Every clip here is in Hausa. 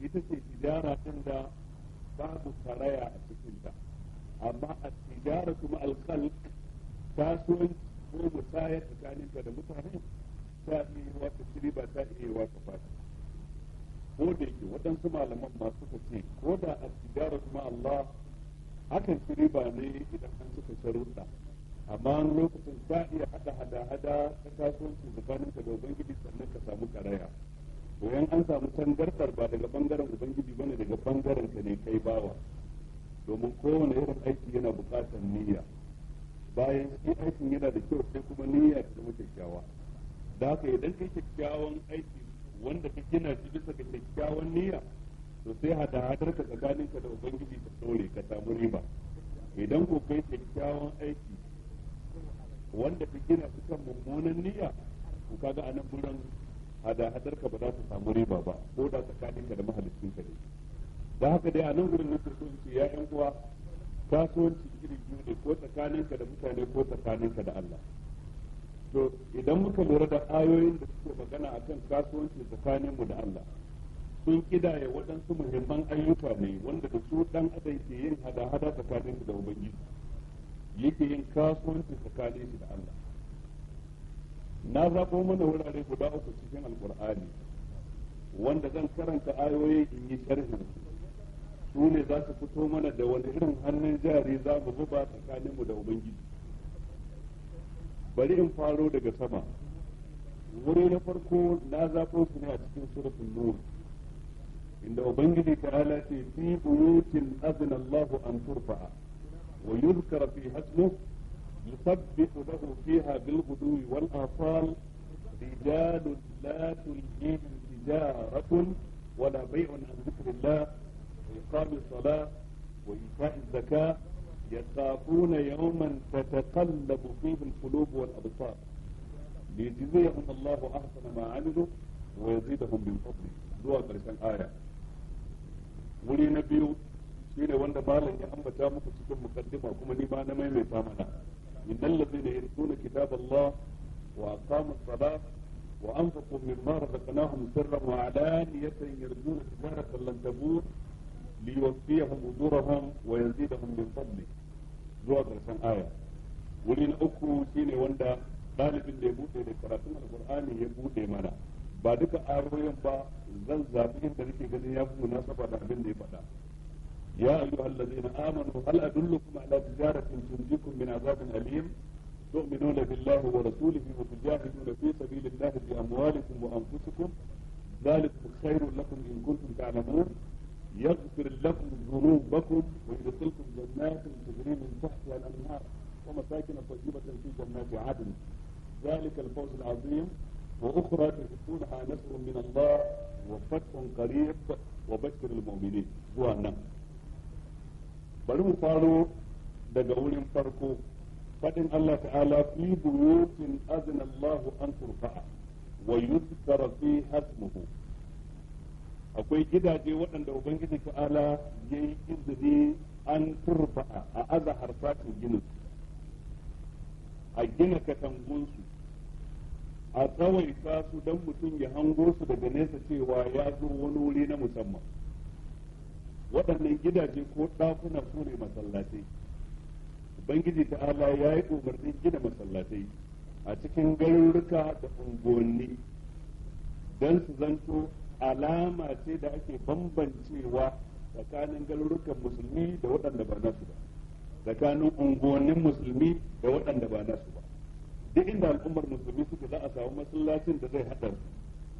ita ce tijara din da babu karaya a cikinta amma a tijara kuma ta kasuwanci ko musayar tsakaninka da mutane ta iya yi wata shiri ba ta iya yi wata fata ko da yake waɗansu malaman masu suka ko da a tijara kuma Allah hakan shiri ba ne idan an suka sharuɗa amma lokacin ta iya hada hada hada ta kasuwanci ka da ubangiji sannan ka samu karaya Wayan an samu tangarɗar ba daga bangaren ubangiji bane daga bangaren ka ne kai bawa domin kowane irin aiki yana buƙatar niyya bayan shi aikin yana da kyau sai kuma niyya ta zama kyakkyawa da haka idan kai kyakkyawan aiki wanda ka gina shi bisa ga kyakkyawan niyya to sai hada hadar ka tsakaninka da ubangiji ta dore ka samu riba idan ko kai kyakkyawan aiki wanda ka gina su kan mummunan niyya kuka kaga anan buran hada hadar ka ba za ta samu riba ba ko da tsakanin ka da mahalicin ka ne da haka dai a nan gurin nufin sun ce ya yan uwa kasuwanci iri biyu ne ko tsakanin ka da mutane ko tsakanin ka da Allah to idan muka lura da ayoyin da suke magana akan kasuwanci tsakanin mu da Allah sun kidaya waɗansu muhimman ayyuka ne wanda da su dan adam ke yin hada-hada tsakanin da ubangiji yake yin kasuwanci tsakanin da Allah na zaɓo mana wurare guda uku cikin alkur'ani wanda zan karanta ayoyi in yi sharhin su ne za su fito mana da wani irin hannun jari za mu buba tsakaninmu da ubangiji bari in faro daga sama wuri na farko na zaɓo su ne a cikin surafin nur inda ubangiji ta halace fi buyutin azna an turfa wa yuzkara fi hasmu يسبح له فيها بالغدو والآصال رجال لا تلهيهم تجارة ولا بيع عن ذكر الله وإقام الصلاة وإيتاء الزكاة يخافون يوما تتقلب فيه القلوب والأبصار ليجزيهم الله أحسن ما عملوا ويزيدهم من فضله zuwa ƙarshen aya wuri na biyu shine wanda malam ya ambata muku cikin mukaddima kuma ni إن الذين يرثون كتاب الله وأقاموا الصلاة وأنفقوا مما رزقناهم سرا وعلانية يرجون تجارة لن تبور ليوفيهم أجورهم ويزيدهم من فضله. زواج رسام آية. ولين أكو سيني وندا طالب اللي يبوتي لكراتون القرآن يبوتي مانا. بعدك أروي با زلزابين تركي قد يبوتي ناس بعد أبن يبوتي. يا أيها الذين آمنوا هل أدلكم على تجارة تنجيكم من عذاب أليم تؤمنون بالله ورسوله وتجاهدون في سبيل الله بأموالكم وأنفسكم ذلك خير لكم إن كنتم تعلمون يغفر لكم ذنوبكم ويدخلكم جنات تجري من تحتها الأنهار ومساكن طيبة في جنات عدن ذلك الفوز العظيم وأخرى تحبونها نصر من الله وفتح قريب وبشر المؤمنين هو النمل bari mu faro daga wurin farko faɗin Allah ta'ala fi buyutin azna Allah an turfa'a wa yuzkara fi hasmuhu akwai gidaje waɗanda ubangiji ta'ala yayi izini an turfa'a a aza harfatin ginin a gina katangunsu a tsawaita su don mutum ya hango su daga nesa cewa ya zo wani wuri na musamman waɗannan gidaje ko ɗakuna su ne masallatai ubangiji ta'ala ya yi umarnin gina masallatai a cikin garuruka da unguwanni don su zanto alama ce da ake bambancewa tsakanin garurukan musulmi da waɗanda ba nasu ba tsakanin unguwannin musulmi da waɗanda ba nasu ba duk inda al'ummar musulmi suka za a samu masallacin da zai haɗa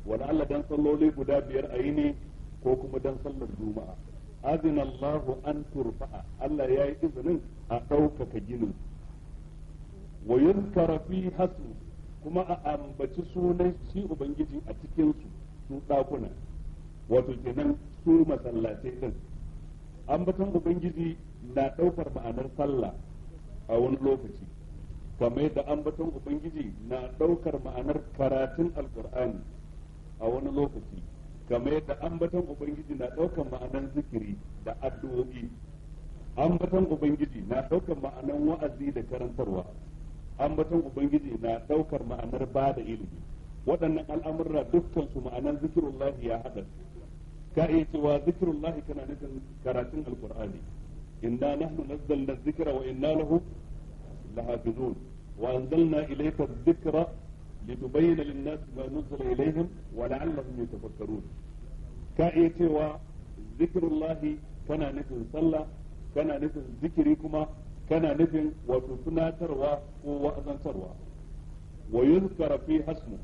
wani Allah don salloli guda biyar a yi ne ko kuma don sallar juma'a azina Allah an turfa'a Allah ya yi izinin a ɗaukaka ginin wa yuzkara hasu kuma a ambaci sunan shi ubangiji a cikin su su ɗakuna wato kenan su masallatai din ambatan ubangiji na ɗaukar ma'anar sallah a wani lokaci kamar yadda ambatan ubangiji na ɗaukar ma'anar karatun alkur'ani a wani lokaci kamar yadda ambaton ubangiji na daukan ma'anan zikiri da addu'o'i ambaton ubangiji na daukan ma'anan wa'azi da karantarwa ambaton ubangiji na daukar ma'anar ba da ilimi waɗannan al'amurra dukkan su ma'anan zikirullahi ya haɗa ka iya cewa zikirullahi kana nufin karatun alqur'ani inna nahnu nazzalna dhikra wa inna lahu lahafizun wa anzalna ilayka dhikra litubayyana lin-nas ma nuzila ilayhim wa la'allahum yatafakkarun ka iya cewa zikrullahi kana nufin sallah kana nufin zikiri kuma kana nufin wato tunatarwa ko wa'azantarwa wa yuzkara fi hasmu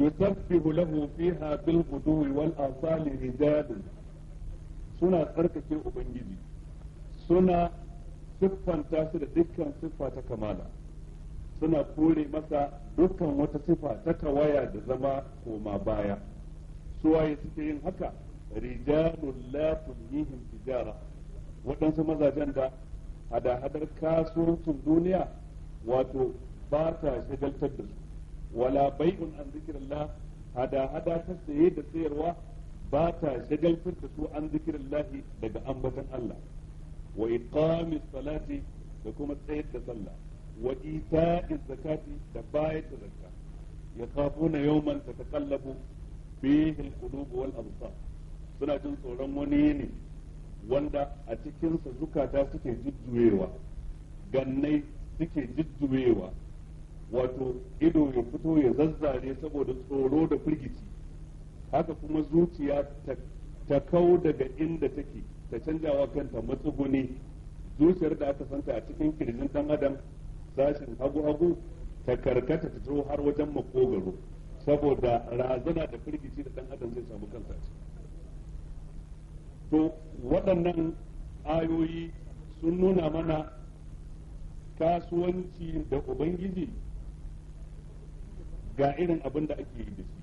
yusabbihu lahu fiha bil ghudwi wal asali rijal suna tsarkake ubangiji suna siffanta su da dukkan siffa ta kamala suna kore masa dukkan wata sifa ta kawaya da zama koma baya suwaye suke yin haka rijalun la tulhihim tijara waɗansu mazajen da hada-hadar kasuwancin duniya wato ba ta shagaltar da su wala bai'un an zikirillah hada-hada ta saye da sayarwa ba ta shagaltar da su an zikirillah daga ambatan Allah wa iqamis salati da kuma tsayar da sallah wa ita'iz zakati da bayar ya zakka na yawman tataqallabu fihi al-qulub wal absar suna jin tsoron wani ne wanda a cikinsa zukata suke jujjuyewa gannai suke jujjuyewa wato ido ya fito ya zazzare saboda tsoro da firgici haka kuma zuciya ta kawo daga inda take ta canjawa kanta matsuguni zuciyar da aka santa a cikin kirjin dan adam sashen hagu-hagu ta karkata ta zo har wajen makogaro saboda razana da firgici da dan adam zai samu kansa to waɗannan ayoyi sun nuna mana kasuwanci da ubangiji ga irin abin da ake yi da shi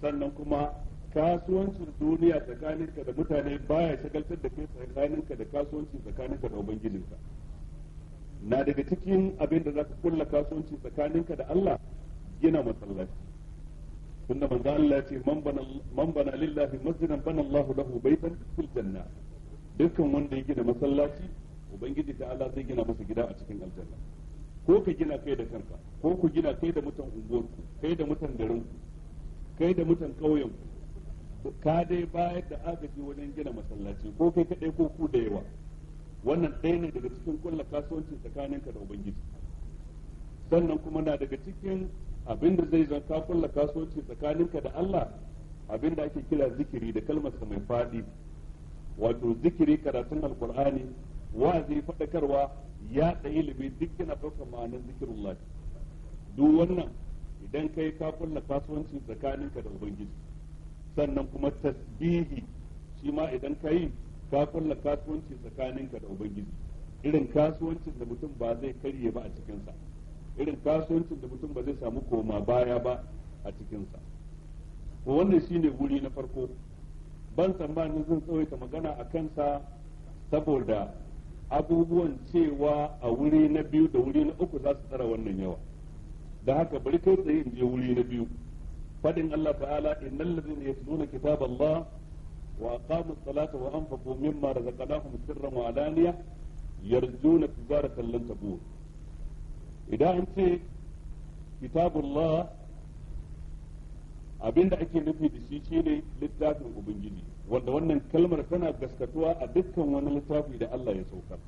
sannan kuma kasuwancin duniya tsakaninka da mutane baya shagaltar da kai tsakaninka da kasuwanci tsakaninka da ubangijinka na daga cikin abin da za ka kulla kasuwanci tsakaninka da Allah gina masallaci tunda manzo Allah ce man bana lillahi masjidan bana Allahu lahu baitan fil janna dukkan wanda ya gina masallaci ubangiji ta Allah zai gina masa gida a cikin aljanna ko ka gina kai da kanka ko ku gina kai da mutan unguwarku kai da mutan garinku kai da mutan ƙauyenku ka dai bayar da agaji wajen gina masallaci ko kai kaɗai ko ku da yawa wannan ɗaya ne daga cikin kulla kasuwanci tsakaninka da ubangiji sannan kuma na daga cikin abinda zai zan ka kulla kasuwanci tsakaninka da Allah abinda ake kira zikiri da kalmarsa mai faɗi wato zikiri karatun alkur'ani wazi faɗakarwa ya da ilimi duk yana ɗaukar ma'anar zikirullah duk wannan idan kai ka kulla kasuwanci tsakaninka da ubangiji sannan kuma tasbihi shi ma idan ka ka kulla kasuwanci tsakaninka da ubangiji irin kasuwancin da mutum ba zai karye ba a cikinsa irin kasuwancin da mutum ba zai samu koma baya ba a cikinsa ko wannan shine wuri na farko ban tsammanin zan tsawaita magana a kansa saboda abubuwan cewa a wuri na biyu da wuri na uku za su tsara wannan yawa da haka bari kai tsaye in je wuri na biyu faɗin Allah ta'ala innal ladzina yatluna kitaballah وأقاموا الصلاة وأنفقوا مما رزقناهم سرا وعلانية يرجون تجارة لن تبور إذا أنت كتاب الله abin da ake nufi da shi shine littafin ubangiji wanda wannan kalmar tana gaskatuwa a dukkan wani littafi da Allah ya saukar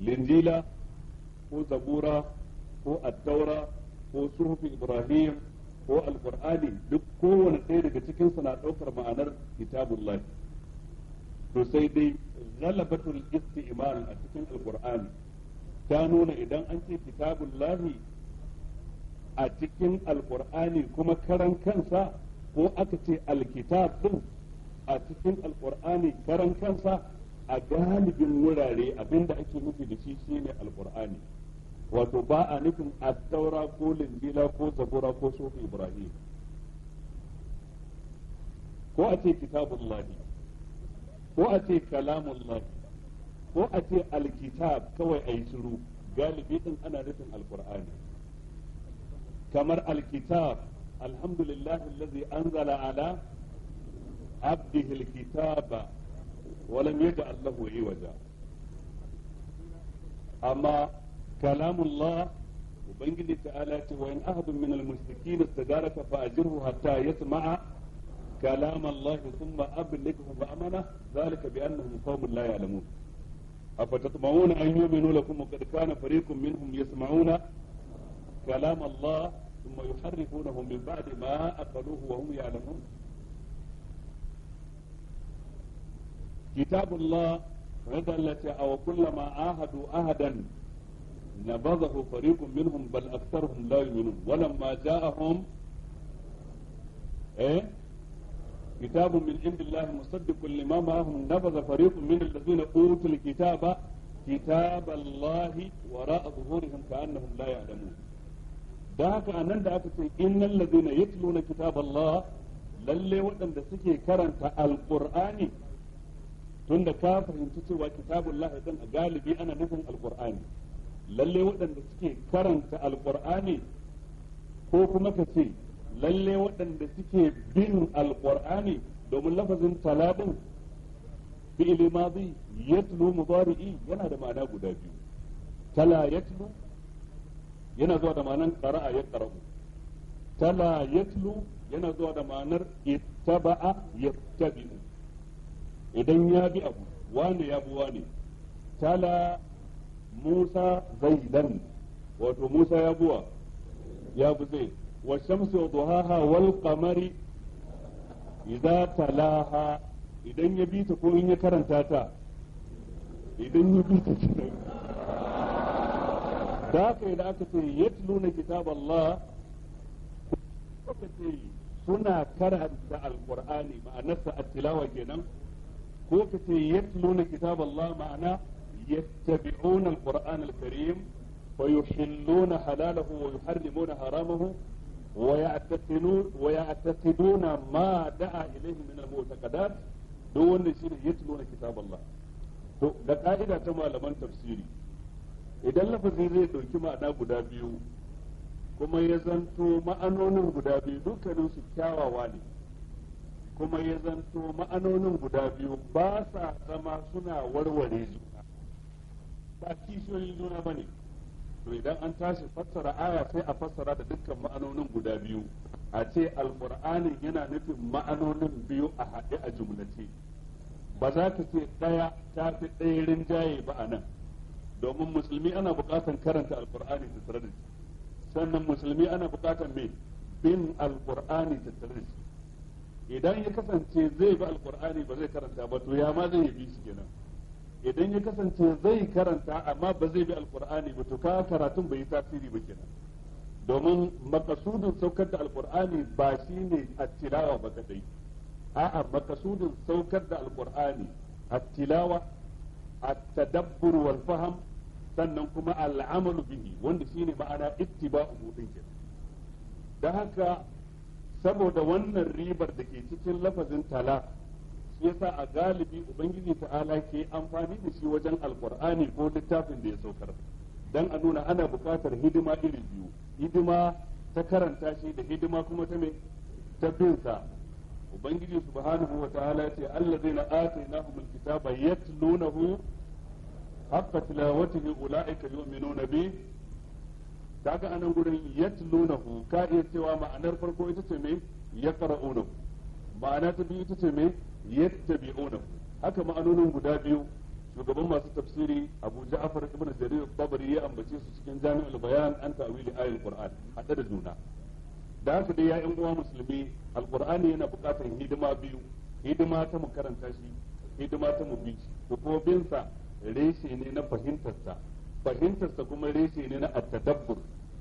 linjila ko zabura ko addaura ko suhufi ibrahim ko alkur'ani duk kowane ɗaya daga cikin na ɗaukar ma'anar kitabullah to sai dai ghalabatul isti'mal a cikin alqur'ani ta nuna idan an ce kitabullah a cikin alqur'ani kuma karan kansa ko aka ce alkitab din a cikin alkur'ani karan kansa a galibin wurare abinda ake nufi da shi shine alqur'ani wato ba a nufin attaura ko lindila ko zabura ko sufi ibrahim ko a ce kitabun ko a ce kalamun ko a ce alkitab kawai a yi shiru galibi din ana nufin alkur'ani kamar alkitab alhamdulillah allazi anzala ala abdihi alkitaba wa lam yaj'al lahu iwaja amma كلام الله وبنجل تعالى وإن أحد من المشركين استدارك فأجره حتى يسمع كلام الله ثم أبلغه بأمنه ذلك بأنهم قوم لا يعلمون أفتطمعون أن يؤمنوا لكم وقد كان فريق منهم يسمعون كلام الله ثم يحرفونه من بعد ما أقلوه وهم يعلمون كتاب الله رضا التي أو كلما عاهدوا أهدا نبذه فريق منهم بل أكثرهم لا يؤمنون ولما جاءهم إيه؟ كتاب من عند الله مصدق لما معهم نبذ فريق من الذين أوتوا الكتاب كتاب الله وراء ظهورهم كأنهم لا يعلمون ذاك أن إن الذين يتلون كتاب الله للي ودن دسكي كرن القرآن تند كافر ينتسي وكتاب الله يتن أقال بي أنا نفهم القرآن lalle waɗanda suke karanta alƙur'ani ko kuma ka ce lalle waɗanda suke bin alƙur'ani domin lafazin talabin fi'ili ya tulu mudari'i yana da ma'ana guda biyu tala tulu yana zuwa da ma'anar a ya qara'u tala tulu yana zuwa da ma'anar ittaba'a tabi'u idan ya bi abu wane ya bi wane tala Musa zaidan wato Musa ya buwa ya bi zai wa shamsu wa duhaha wal qamari idza talaha idan ya bi ta ko in ya karanta ta idan ya bi ta da haka idan aka ce yatluna kitab Allah kuka ce suna karanta alqur'ani ma'anarsa at-tilawa kenan ko ka ce yatluna ma'ana يتبعون القرآن الكريم ويحلون حلاله ويحرمون حرامه ويعتقدون ويعتقدون ما دعا إليه من المعتقدات دون شيء يتلون كتاب الله to da ka'ida ta malaman tafsiri idan lafazi zai ɗauki ma'ana guda biyu kuma ya zanto ma'anonin guda biyu dukkanin su kyawawa ne kuma ya zanto ma'anonin guda biyu ba sa zama suna warware su ba kishiyoyin juna ba ne to idan an tashi fassara aya sai a fassara da dukkan ma'anonin guda biyu a ce alƙur'anin yana nufin ma'anonin biyu a haɗe a jumlace ba za ka ce ɗaya ta fi ɗaya rinjaye ba a nan domin musulmi ana buƙatar karanta al'ƙur'ani ta tare da shi sannan musulmi ana buƙatar mai bin al'ƙur'ani ta tare da shi idan ya kasance zai bi al'ƙur'ani ba zai karanta ba to ya ma zai bi shi kenan idan ya kasance zai karanta amma ba zai bi alkur'ani ba to karatun bai yi tasiri ba kenan domin makasudin saukar da alkur'ani ba shi ne a tilawa ba kadai a'a makasudin saukar da alkur'ani a tilawa a tadabbur wal faham sannan kuma al'amalu bihi wanda shine ma'ana ittiba'u din kenan dan haka saboda wannan ribar da ke cikin lafazin tala shi yasa a galibi ubangiji ta'ala ke amfani da shi wajen alkur'ani ko littafin da ya saukar dan a nuna ana buƙatar hidima iri biyu hidima ta karanta shi da hidima kuma ta me ta bin sa ubangiji subhanahu wa ta'ala ce allazina atainahum alkitaba yatlunahu haqqa tilawatihi ulaika yu'minuna bi kaga anan gurin yatlunahu ka iya cewa ma'anar farko ita ce me yaqra'unahu ma'ana ta biyu ita ce me yattabi'unahu haka ma'anonin guda biyu shugaban masu tafsiri Abu Ja'far ibn Jarir Tabari ya ambace su cikin Jami'ul Bayan an ta'wili ayatul Qur'an hada da juna da haka dai ya yan uwa musulmi alqur'ani yana bukatar hidima biyu hidima ta mu karanta shi hidima ta mu bi shi ko bin sa reshe ne na fahimtar sa fahimtar sa kuma reshe ne na at-tadabbur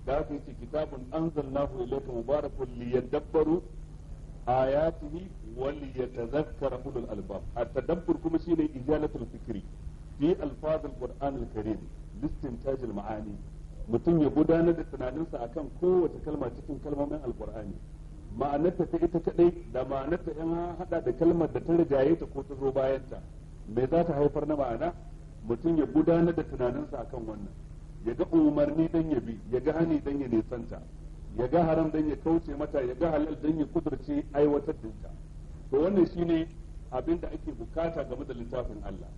da haka ce kitabun anzalnahu ilayka mubarakun liyadabbaru ayatihi wal yatadhakkar ulul albab at kuma shine ijalatul fikri fi alfaz al-qur'an karim maani mutum ya gudanar da tunaninsa akan kowace kalma cikin kalmomin alqur'ani ma'anarta ta ita kadai da ma'anarta in hada da kalmar da ta rigaye ta ko ta zo bayanta me za ta haifar na ma'ana mutum ya gudanar da tunaninsa akan wannan ya ga umarni dan ya bi ya ga hani dan ya nisanta ya ga haram dan ya kauce mata ya ga halal dan ya kudurce aiwatar da to wannan shine abin da ake bukata game da littafin Allah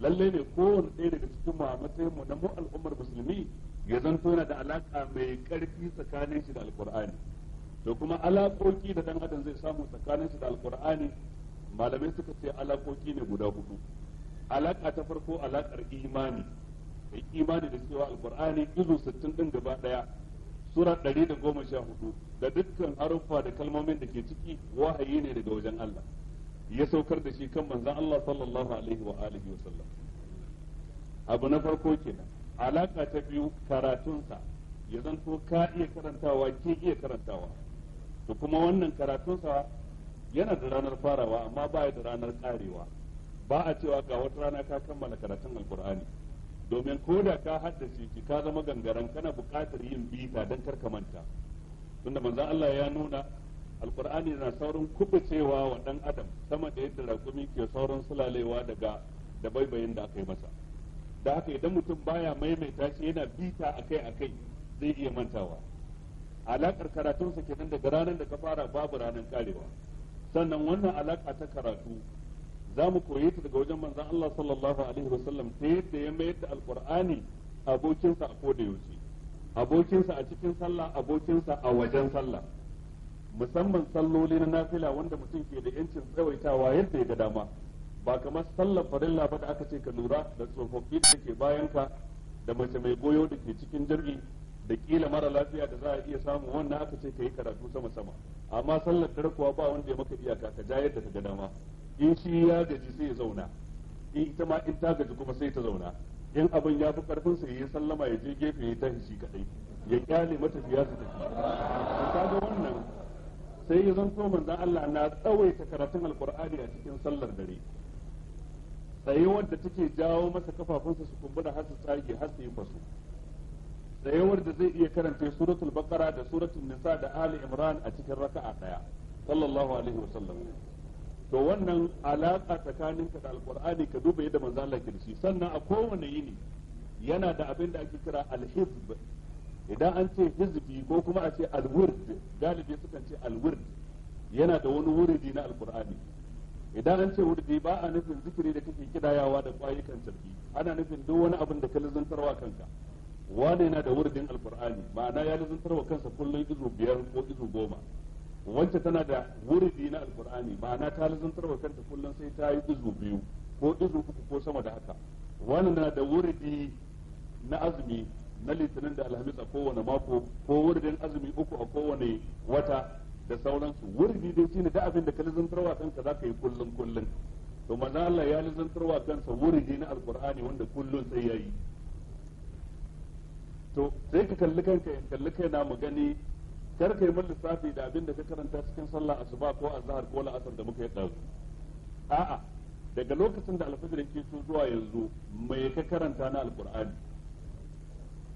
lalle ne kowane ɗaya daga cikin mu matsayin mu na mu al'ummar musulmi ya zanto yana da alaka mai karfi tsakanin shi da alqur'ani to kuma alaƙoƙi da dan adam zai samu tsakanin shi da alqur'ani malamai suka ce alaƙoƙi ne guda hudu alaƙa ta farko alaƙar imani imani da cewa alqur'ani izu sittin din gaba ɗaya. sura ɗari da goma sha hudu da dukkan haruffa da kalmomin da ke ciki wahayi ne daga wajen Allah ya saukar da shi kan manzon Allah sallallahu alaihi wa alihi wa sallam abu na farko kenan alaka ta biyu karatunsa ya zan to ka iya karantawa ke iya karantawa to kuma wannan karatunsa yana da ranar farawa amma ba da ranar karewa ba a cewa ga wata rana ka kammala karatun alkur'ani domin ko da ka haddace shi ka zama gangaren kana buƙatar yin bita don karka manta tunda manzon Allah ya nuna alkur'ani yana saurin kubucewa wa dan adam sama da yadda rakumi ke saurin sulalewa daga da baibayin da aka yi masa da haka idan mutum baya maimaita shi yana bita akai akai zai iya mantawa alakar karatunsa kenan daga ranar da ka fara babu ranar karewa sannan wannan alaka ta karatu za mu koyi ta daga wajen manzan Allah sallallahu alaihi wasallam ta yadda ya mayar da alkur'ani abokinsa a koda yaushe abokinsa a cikin sallah abokinsa a wajen sallah musamman salloli na nafila wanda mutum ke da yancin tsawaitawa yadda ya ga dama ba kamar sallar farilla ba da aka ce ka lura da tsofaffi da ke bayan ka da mace mai goyo da ke cikin jirgi da kila mara lafiya da za a iya samu wannan aka ce ka yi karatu sama sama amma sallar tarkowa ba wanda ya maka iyaka ka ja yadda ka ga dama in shi ya gaji sai ya zauna in ita ma in ta gaji kuma sai ta zauna in abin ya fi karfin sai ya sallama ya je gefe ya tashi shi kadai ya kyale matafiya su tafi ta ga wannan sai ya zanto manzon Allah na tsawaita karatun alqur'ani a cikin sallar dare sai wanda take jawo masa kafafunsa su kumbura har su tsage har su yi fasu sai da zai iya karanta suratul baqara da suratul nisa da ali imran a cikin raka'a daya sallallahu alaihi wasallam to wannan alaka tsakaninka da alqur'ani ka duba yadda manzo Allah ke sannan a kowane yini yana da abin da ake kira alhizb idan an ce hizbi ko kuma a ce alwurd galibi sukan ce alwurd yana da wani wuridi na alqur'ani idan an ce wurdi ba a nufin zikiri da kake kidayawa da kwayukan sarki ana nufin duk wani abin da ka lizantarwa kanka wane yana da wurdin alqur'ani ma'ana ya lizantarwa kansa kullum izu biyar ko izu goma wacce tana da wuridi na alkur'ani ma'ana ta lazantar wa kanta kullum sai ta yi izu biyu ko izu uku ko sama da haka wannan na da wuridi na azumi na litinin da alhamis a kowane mako ko wuridin azumi uku a kowane wata da sauransu wuridi dai shine da abin da ka lazantar wa kanka zaka yi kullum kullum to manzo Allah ya lazantar wa kansa wuridi na alkur'ani wanda kullum sai yayi to sai ka kalli kanka kalli na mu gani kar kai mun lissafi da abin da ka karanta cikin sallah asuba ko azhar ko la'asar da muka yi dazu a'a daga lokacin da alfajir yake so zuwa yanzu mai ka karanta na alqur'ani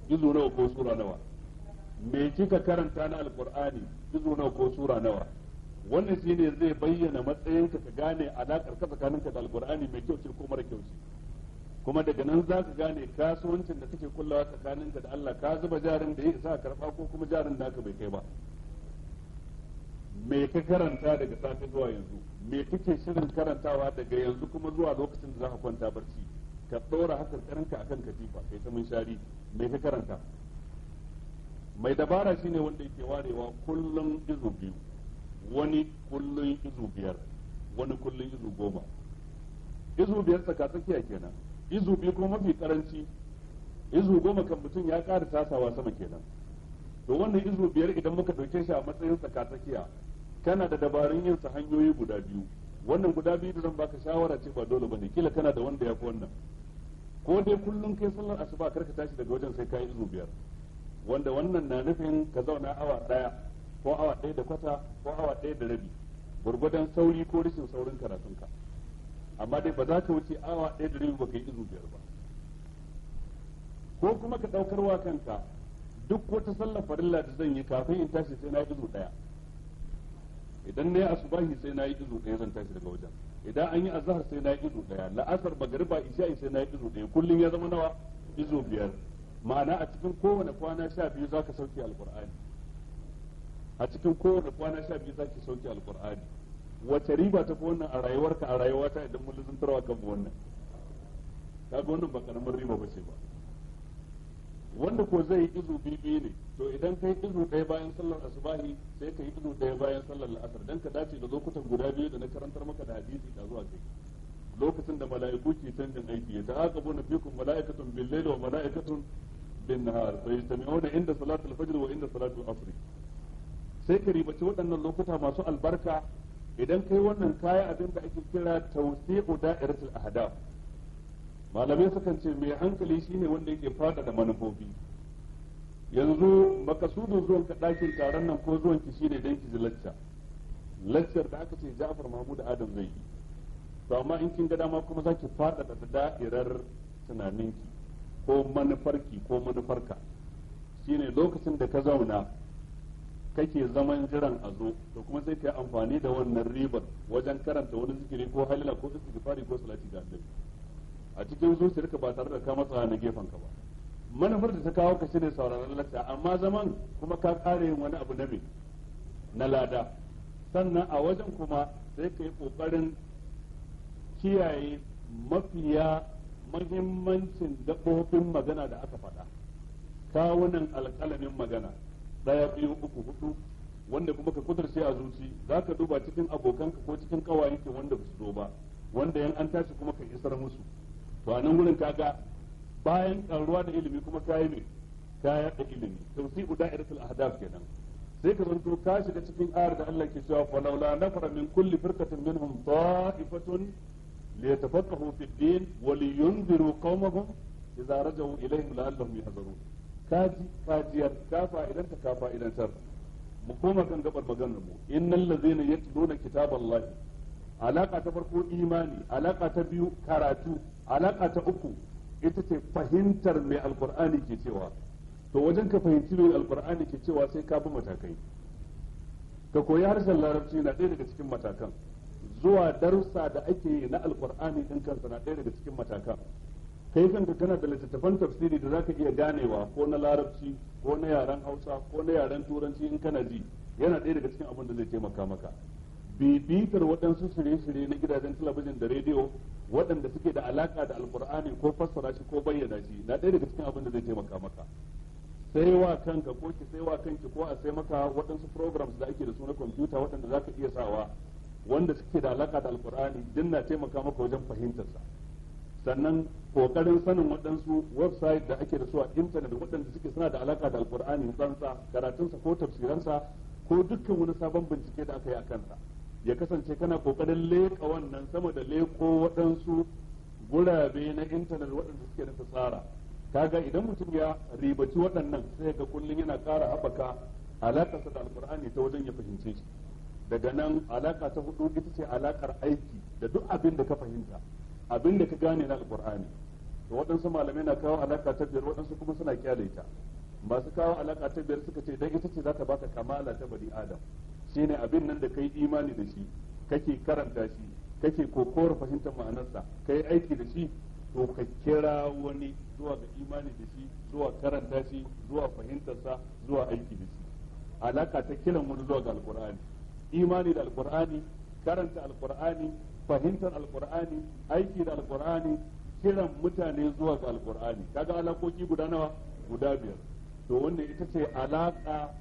izo nawa ko sura nawa me kika karanta na alqur'ani izo nawa ko sura nawa wannan shine zai bayyana matsayinka ka gane alaƙar ka tsakaninka da alqur'ani mai kyau ce ko mara kyau ce kuma daga nan za ka gane kasuwancin da kake kullawa tsakaninka da Allah ka zuba jarin da ya isa karba ko kuma jarin da aka bai kai ba me ka karanta daga safe zuwa yanzu me kake shirin karantawa daga yanzu kuma zuwa lokacin da za ka kwanta barci ka ɗora hakan karanka akan katifa kai ta shari me ka karanta mai dabara shine wanda yake warewa kullum izu biyu wani kullum izu biyar wani kullum izu goma izu biyar tsaka tsakiya kenan izu biyu kuma mafi karanci izu goma kan mutum ya kara tasawa sama kenan to wannan izu biyar idan muka ɗauke shi a matsayin tsakatsakiya kana da dabarun yin sa hanyoyi guda biyu wannan guda biyu da zan baka shawara ce ba dole bane kila kana da wanda ya fi wannan ko dai kullum kai sallar asuba karka tashi daga wajen sai kai izu biyar wanda wannan na nufin ka zauna awa ɗaya ko awa ɗaya da kwata ko awa ɗaya da rabi gurgudan sauri ko rashin saurin karatunka amma dai ba za ka wuce awa ɗaya da rabi ba ka yi izu biyar ba ko kuma ka ɗaukar wa kanka duk wata sallar farilla da zan yi kafin in tashi sai na yi izu ɗaya idan na yi asubahi sai na yi izu ɗaya zan tashi daga wajen idan an yi azahar sai na yi izu ɗaya la'asar magariba isha'i sai na yi izu ɗaya kullum ya zama nawa izu biyar ma'ana a cikin kowane kwana sha biyu za ka sauke alƙur'ani a cikin kowane kwana sha biyu za ki sauke alƙur'ani. wace riba ta fi wannan a rayuwarka a rayuwata idan mun lizantarwa kan wannan kaga wannan ba karamar riba ba ce ba wanda ko zai yi izu bibi ne to idan kai izu ɗaya bayan sallar asubahi sai ka yi izu ɗaya bayan sallar la'asar dan ka dace da lokutan guda biyu da na karantar maka da hadisi da zuwa kai lokacin da mala'iku ke canjin aiki ya ta'aqabuna fikum mala'ikatun bil layli wa mala'ikatun bin nahar fa yajtami'una inda salatul fajr wa inda salatul asr sai ka ribaci waɗannan lokuta masu albarka idan kai wannan kayan abin da ake kira tawsiqu da'iratul ahdaf malamai sukan ce mai hankali shine wanda yake fada da manufofi yanzu makasudin zuwan kaɗakin taron nan ko zuwan ki shine dan ki lacca laccar da aka ce Ja'far Mahmud Adam zai yi to amma in kin ga dama kuma zaki fada da da'irar tunaninki ko manufarki ko manufarka shine lokacin da ka zauna kake zaman jiran a zo to kuma sai ka amfani da wannan ribar wajen karanta wani zikiri ko halila ko fari ko salati da annabi a cikin zuciyarka ba tare da ka matsa na gefen ka ba manufar da ta kawo ka shine sauraron lacca amma zaman kuma ka kare yin wani abu na me na lada sannan a wajen kuma sai ka yi kokarin kiyaye mafiya mahimmancin dabbobin magana da aka faɗa kawunan alƙalamin magana daya biyu uku hudu wanda kuma ka kudurce a zuci za ka duba cikin abokanka ko cikin ka wanda ba su zo ba wanda yan an tashi kuma ka isar musu to a nan wurin kaga bayan karuwa da ilimi kuma yi ne yi da ilimi tawsi'u da'iratul ahdaf kenan sai ka zanto ka shiga cikin ayar da Allah ke cewa fa laula nafara min kulli firqatin minhum ta'ifatun yatafaqahu fi din wa yunziru qaumahum idza raja'u ilayhim la'allahum yahzarun kaji fajiyar ta fa'idanta ta fa'idantar mu koma kan gabar maganar mu innal ladzina yatluna kitaballahi alaka ta farko imani alaka ta biyu karatu alaka ta uku ita ce fahimtar mai alkur'ani ke cewa to wajen ka fahimci mai alkur'ani ke cewa sai ka bi matakai ka koyi harshen larabci na ɗaya daga cikin matakan zuwa darussa da ake yi na alkur'ani din kansa na ɗaya daga cikin matakan kai kanka kana da littattafan tafsiri da za ka iya ganewa ko na larabci ko na yaren hausa ko na yaren turanci in kana ji yana ɗaya daga cikin abin da zai taimaka maka bibitar waɗansu shirye-shirye na gidajen talabijin da rediyo waɗanda suke da alaƙa da alkur'ani ko fassara shi ko bayyana shi na ɗaya daga cikin abin da zai taimaka maka sai wa kanka ko ki sai wa kanki ko a sai maka waɗansu programs da ake da su na kwamfuta waɗanda za ka iya sawa wanda suke da alaƙa da alkur'ani din na taimaka maka wajen fahimtarsa sannan kokarin sanin waɗansu website da ake da su a intanet waɗanda suke suna da alaka da alkur'ani tsantsa karatunsa ko tafsiransa ko dukkan wani sabon bincike da aka yi a kansa ya kasance kana kokarin leƙa wannan sama da leƙo waɗansu gurabe na intanet waɗanda suke da tsara kaga idan mutum ya ribaci waɗannan sai ga kullum yana ƙara haɓaka alaƙarsa da alkur'ani ta wajen ya fahimce shi daga nan alaƙa ta hudu ita ce alaƙar aiki da duk abin da ka fahimta abin da ka gane na alkur'ani to waɗansu malamai na kawo alaka ta biyar waɗansu kuma suna kyale ta masu kawo alaka ta biyar suka ce dan ita ce zaka baka kamala ta bani adam shine abin nan da kai imani da shi kake karanta shi kake kokowar fahimtar ma'anarsa kai aiki da shi to ka kira wani zuwa ga imani da shi zuwa karanta shi zuwa fahimtarsa zuwa aiki da shi alaka ta kiran wani zuwa ga alkur'ani imani da alkur'ani karanta alkur'ani fahimtar alkur'ani aiki da alkur'ani kiran mutane zuwa ga alkur'ani kaga alakoki guda nawa guda biyar to wannan ita ce alaka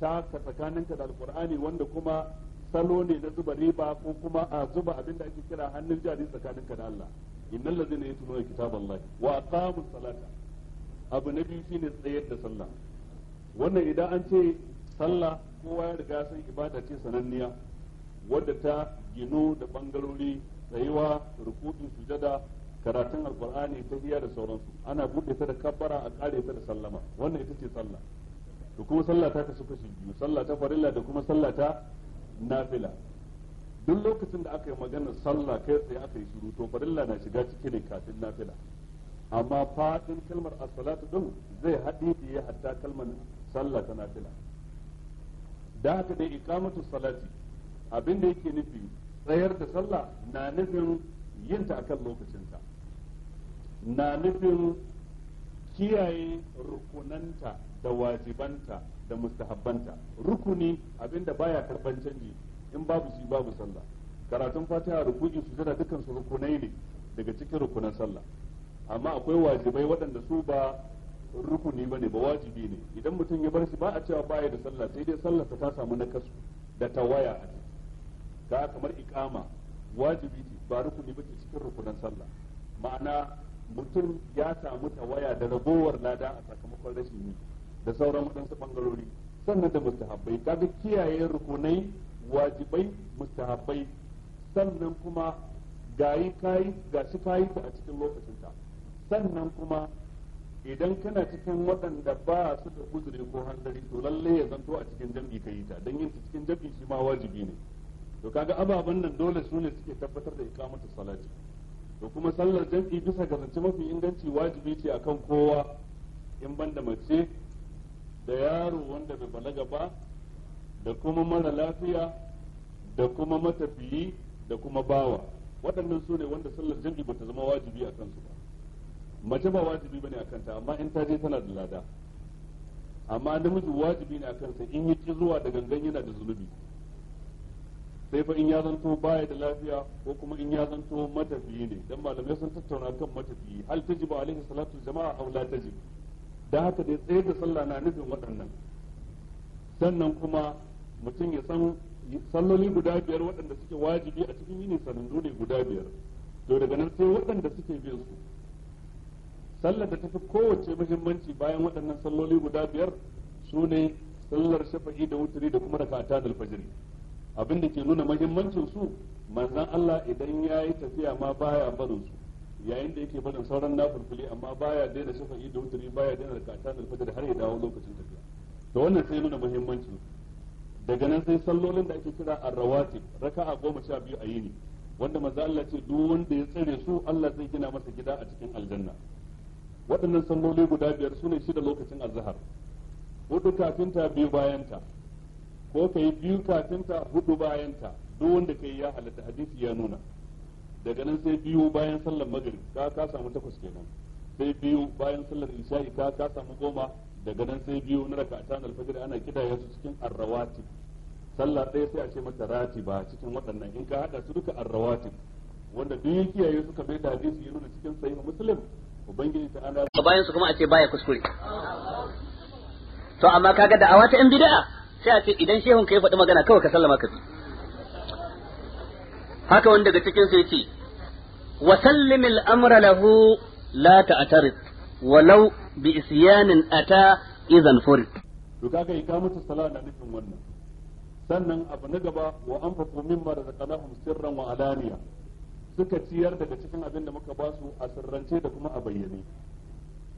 ta ka tsakaninka da alkur'ani wanda kuma salo ne na zuba riba ko kuma a zuba abin da ake kira hannun jari tsakaninka da Allah innal ladzina yatluna kitaballahi wa aqamus salata abu na biyu shine tsayar da sallah wannan idan an ce sallah kowa ya riga san ibada ce sananniya wadda ta gino da bangarori tsayuwa rukuɗi sujada karatun alkur'ani ta biya da sauransu ana buɗe ta da kabbara a ƙare ta da sallama wannan ita ce sallah to kuma sallah ta kasu kashi biyu sallah ta farilla da kuma sallah ta nafila duk lokacin da aka yi maganar sallah kai tsaye aka yi shiru to farilla na shiga ciki ne kafin nafila amma fadin kalmar as-salatu din zai haɗe da ya hatta kalmar sallah ta nafila da haka dai iqamatu salati abin da yake nufi tsayar da sallah na nufin yin ta akan lokacinta na nufin kiyaye rukunanta da wajibanta da mustahabbanta rukuni abinda baya karban canji in babu shi babu sallah karatun fatiha rukuki su jira dukkan su rukunai ne daga cikin rukunan sallah amma akwai wajibai waɗanda su ba rukuni ba ne ba wajibi ne idan mutum ya bar shi ba a cewa baya da sallah sai dai sallah ta samu kasu da tawaya a ka kamar ikama wajibi ce ba rukuni ba ke cikin rukunan sallah ma'ana mutum ya samu tawaya da ragowar lada a sakamakon rashin yi da sauran waɗansu bangarori sannan da mustahabbai kaga kiyaye rukunai wajibai mustahabbai sannan kuma gayi kayi gashi kayi ta a cikin lokacinta sannan kuma idan kana cikin waɗanda ba su da uzuri ko hanzari to lalle ya zanto a cikin jam'i ka yi ta don yin cikin jam'i shi ma wajibi ne to kaga ababen nan dole su ne suke tabbatar da iqamatu salati to kuma sallar jam'i bisa ga zance mafi inganci wajibi ce akan kowa in banda mace da yaro wanda bai balaga ba da kuma mara lafiya da kuma matafiyi da kuma bawa waɗannan su ne wanda sallar jam'i bata zama wajibi a kansu ba mace ba wajibi bane a kanta amma in ta je tana da lada amma namiji wajibi ne a kansa in yi zuwa da gangan yana da zunubi sai fa in ya zanto baya da lafiya ko kuma in ya zanto matafiyi ne dan malamai sun tattauna kan matafiyi hal tajibu alaihi salatu jama'a aw la tajib da haka dai tsaye da sallah na nufin waɗannan sannan kuma mutum ya san salloli guda biyar waɗanda suke wajibi a cikin yini sanin ne guda biyar to daga nan sai waɗanda suke bin su sallar da ta fi kowace muhimmanci bayan waɗannan salloli guda biyar su ne sallar shafa'i da wuturi da kuma rakata da alfajiri abin da ke nuna mahimmancin su manzan Allah idan ya yi tafiya ma baya barin su yayin da yake barin sauran fulfuli amma baya daina shafa'i da wuturi baya daina rakata da fajr har ya dawo lokacin tafiya to wannan sai nuna mahimmancin daga nan sai sallolin da ake kira arrawatib raka'a goma sha biyu a yini wanda manzan Allah ce duk wanda ya tsare su Allah zai gina masa gida a cikin aljanna waɗannan salloli guda biyar sune shida lokacin azhar hudu kafin ta biyu bayan ta ko ka yi biyu kafinta hudu bayanta duk wanda ka yi ya halatta hadisi ya nuna daga nan sai biyu bayan sallar magrib ka ka samu takwas kenan sai biyu bayan sallar isha'i ka ka samu goma daga nan sai biyu na raka raka'atan alfajr ana kidaya su cikin arrawati sallah ɗaya sai a ce mata rati ba cikin waɗannan in ka haɗa su duka arrawati wanda duk ya kiyaye suka bai da hadisi ya nuna cikin sahih muslim ubangiji ta ana bayan su kuma a ce baya kuskure to amma kaga da'awa ta yan bid'a sai a ce idan shehun ka ya faɗi magana kawai ka sallama ka bi haka wanda daga cikin sai ce wa sallimil amra lahu la wa walau bi isyanin ata idan furid to kaga ikamatu salat na nufin wannan sannan abu na gaba wa anfaqu mimma razaqnahum sirran wa alaniya suka ciyar daga cikin abin da muka basu a sirrance da kuma a bayyane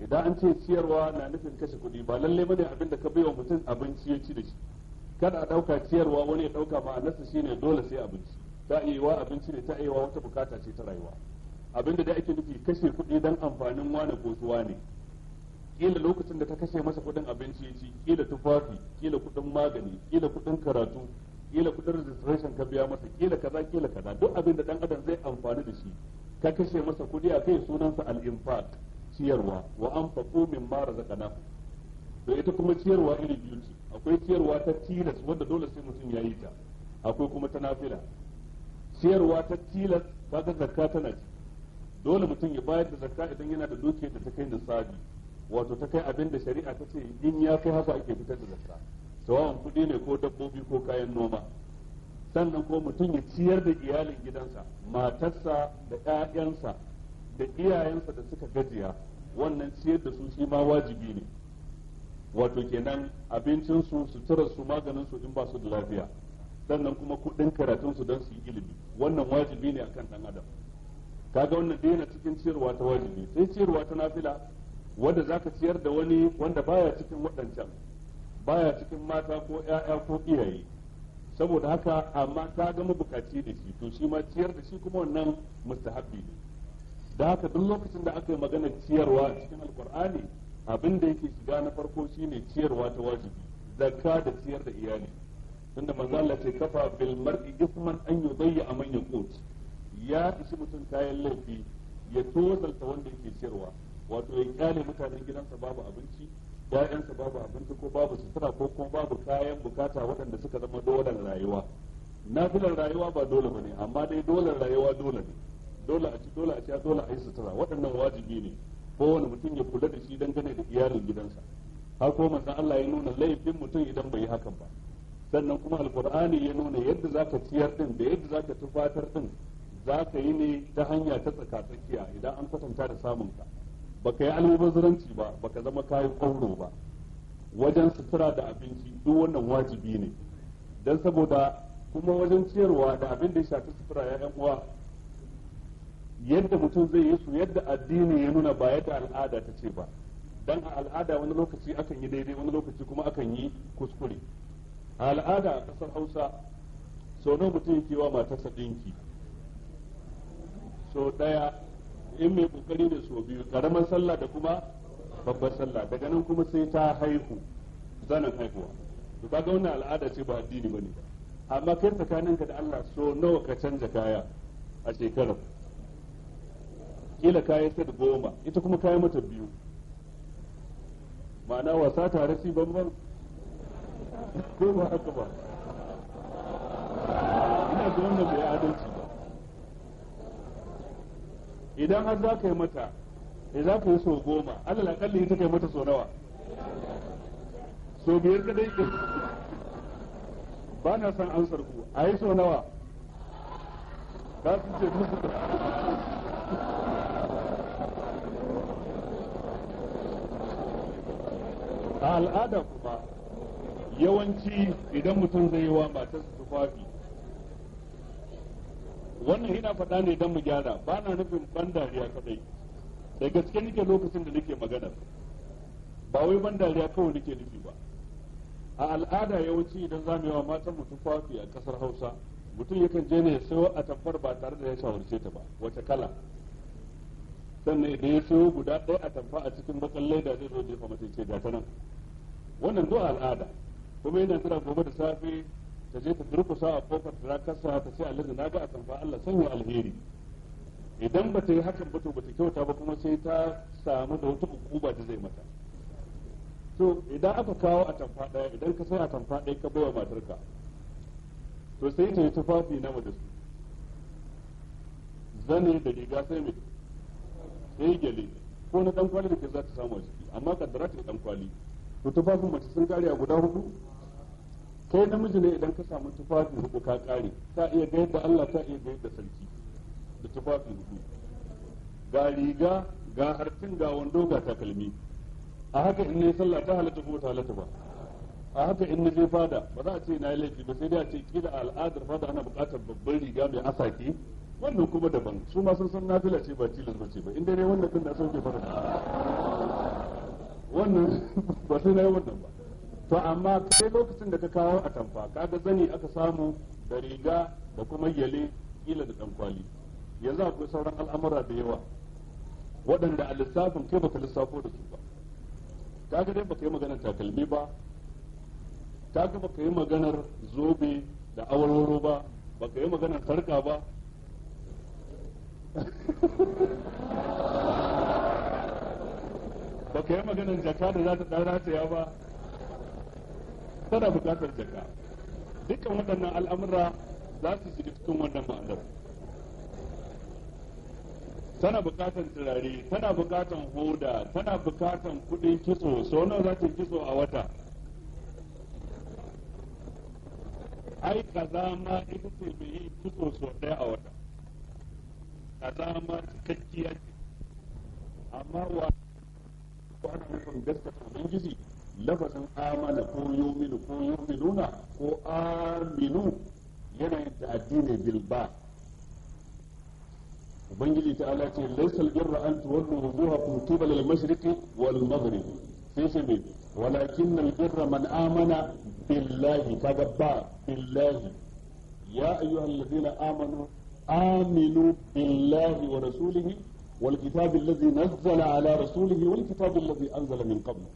idan an ce ciyarwa na nufin kashe kuɗi ba lallai bane abin da ka bai wa mutum abinci ya ci da shi kada a ɗauka ciyarwa wani ya ɗauka ma'anarsa shine dole sai abinci ta iya abinci ne ta iya wata bukata ce ta rayuwa abinda da ake nufi kashe kuɗi don amfanin wane ko tuwa ne kila lokacin da ta kashe masa kuɗin abinci ya ci kila tufafi kila kuɗin magani kila kuɗin karatu kila kuɗin registration ka biya masa kila kaza kila kaza duk abin da dan adam zai amfani da shi ka kashe masa kuɗi a kai sunansa al-infaq ciyarwa wa anfaqu mimma razaqnahu to ita kuma ciyarwa iri biyu ce akwai ciyarwa ta tilas wanda dole sai mutum ya yi ta akwai kuma ta nafila ciyarwa ta tilas kaga zakka tana ci dole mutum ya bayar da zakka idan yana da dukiyar da ta kai nisabi wato ta kai abin da shari'a ta ce in ya kai haka ake fitar da zakka sawan kuɗi ne ko dabbobi ko kayan noma sannan ko mutum ya ciyar da iyalin gidansa matarsa da ƴaƴansa da iyayensa da suka gajiya wannan ciyar da su shi ma wajibi ne wato kenan abincinsu suturarsu maganinsu in ba su da lafiya sannan kuma kuɗin karatunsu don su yi ilimi wannan wajibi ne akan ɗan adam kaga wannan daina cikin ciyarwa ta wajibi sai ciyarwa ta nafila wanda ka ciyar da wani wanda baya cikin waɗancan baya cikin mata ko ƴaƴa ko iyaye saboda haka amma ta ga mabukaci da shi to shi ma ciyar da shi kuma wannan mustahabbi ne da haka duk lokacin da aka yi magana ciyarwa cikin alkur'ani abin da yake shiga na farko shine ciyarwa ta wajibi zakka da ciyar da iyali tunda manzo Allah ce kafa bil mar'i isman an yudayya man yaqut ya isi mutum kayan laifi ya tozalta wanda yake ciyarwa wato ya kyale mutanen gidansa babu abinci ya'yansa babu abinci ko babu sutura ko kuma babu kayan bukata waɗanda suka zama dolar rayuwa nafilar rayuwa ba dole bane amma dai dolar rayuwa dole dole a ci dole a ci dole a yi sutura waɗannan wajibi ne kowane mutum ya kula da shi dangane da iyalin gidansa ko manzon Allah ya nuna laifin mutum idan bai yi hakan ba sannan kuma alkur'ani ya nuna yadda zaka ciyar din da yadda zaka tufatar din zaka yi ne ta hanya ta tsakatsakiya idan an kwatanta da samun ka baka yi almubazzaranci ba baka zama kayan kauro ba wajen sutura da abinci duk wannan wajibi ne dan saboda kuma wajen ciyarwa da abin da ya shafi sutura ya yan uwa yadda mutum zai yi su yadda addini ya nuna ba yadda al'ada ta ce ba dan a al'ada wani lokaci akan yi daidai wani lokaci kuma akan yi kuskure a al'ada a kasar hausa sau nawa mutum yake wa matarsa dinki sau ɗaya in mai kokari da sau biyu karamar sallah da kuma babbar sallah daga nan kuma sai ta haihu zanen haihuwa to ga wannan al'ada ce ba addini bane amma kai tsakaninka da Allah so nawa ka canza kaya a shekarar kila kayi ta da goma ita kuma kayan mata biyu ma'ana wasa tare shi banban ko ba haka ba ina ga wanda bai adalci ba idan har za ka yi mata da eh, za ka yi sau goma alal akalli ita kai mata sau nawa sau biyar dai ba na san ansar ku a yi sau nawa za a al'ada kuma yawanci idan mutum zai yi wa matar su tufafi wannan yana faɗa ne idan mu gyara ba na nufin ban dariya kadai da gaske nike lokacin da nike magana ba wai ban dariya kawai nike nufi ba a al'ada yawanci idan za mu yi wa matan mu tufafi a ƙasar hausa mutum yakan je ne ya sayo a tabbar ba tare da ya shawarce ta ba wace kala sannan idan ya sayo guda ɗaya a tamfa a cikin bakan leda zai zo jefa mace ce gata nan wannan zuwa al'ada kuma yana tura gobe da safe ta je ta durkusa a kofar ta kasa ta ce alhaji na ga a tamfa Allah sanya alheri idan ba ta yi hakan ba to ba ta kyauta ba kuma sai ta samu da wata hukuma da zai mata to idan aka kawo a tamfa ɗaya idan ka sai a tamfa ɗaya ka baiwa matarka to sai ta yi tufafi na madasu zane da riga sai mai sai gyale ko na dan kwali da ke za ta samu a ciki amma kaddara ta dan kwali to tufafin mace sun kare a guda hudu kai namiji ne idan ka samu tufafi hudu ka kare ta iya ga yadda Allah ta iya ga yadda sarki da tufafi hudu ga riga ga harcin ga wando ga takalmi a haka in ne sallah ta halatta ko ta halatta ba a haka in na je fada ba za a ce na yi laifi ba sai dai a ce da al'adar fada ana buƙatar babban riga mai asaki wannan kuma daban su ma sun san nafila ce ba tilas ba ce ba inda dai wannan din da sauke fara wannan ba sai na yi wannan ba to amma kai lokacin da ka kawo a tamfa kaga zani aka samu da riga da kuma yale kila da dankwali yanzu akwai sauran al'amura da yawa waɗanda a lissafin kai baka lissafo da su ba kaga dai baka yi maganar takalmi ba ta ga baka yi maganar zobe da awarwaro ba baka yi maganar sarka ba baka yi maganar jaka da za ta dan ba tana bukatar jaka dukkan waɗannan al'amura za su shiga cikin wannan ma'anar tana bukatan turare tana bukatan hoda tana bukatan kudin kitso sau nawa za ta kitso a wata ai kaza ma ita ce mai yi kitso so ɗaya a wata kaza ma cikakkiya ce amma wa ko ana nufin gaskata ubangiji lafazin amana ko yominu ko yominuna ko aminu yanayin da addinin bilba ubangiji ta ala ce laisal birra an tuwallu wujuhakum qibala al-mashriqi wal maghrib sai sai mai ولكن البر من آمن بالله كجبار بالله يا أيها الذين آمنوا آمنوا بالله ورسوله والكتاب الذي نزل على رسوله والكتاب الذي أنزل من قبله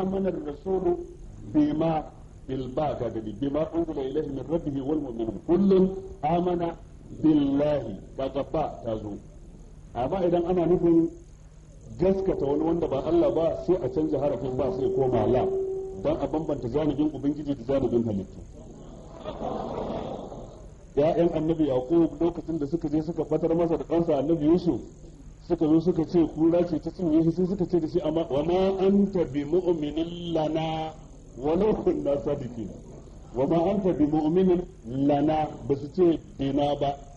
آمن الرسول بما بالباقة بما أنزل إليه من ربه والمؤمنون كل آمن بالله كجبار تازو أما إذا أنا نفهم gaskata wani wanda ba Allah ba sai a canza harafin ba sai koma la dan a bambanta janibin ubangiji da janibin halittu ya'yan annabi yaqub lokacin da suka je suka fatar masa da kansa annabi yusuf suka zo suka ce kura ce ta cinye shi sai suka ce da shi amma wa ma anta bi mu'minin lana law kunna sadiqin wa ma anta bi mu'minin lana ba su ce dina ba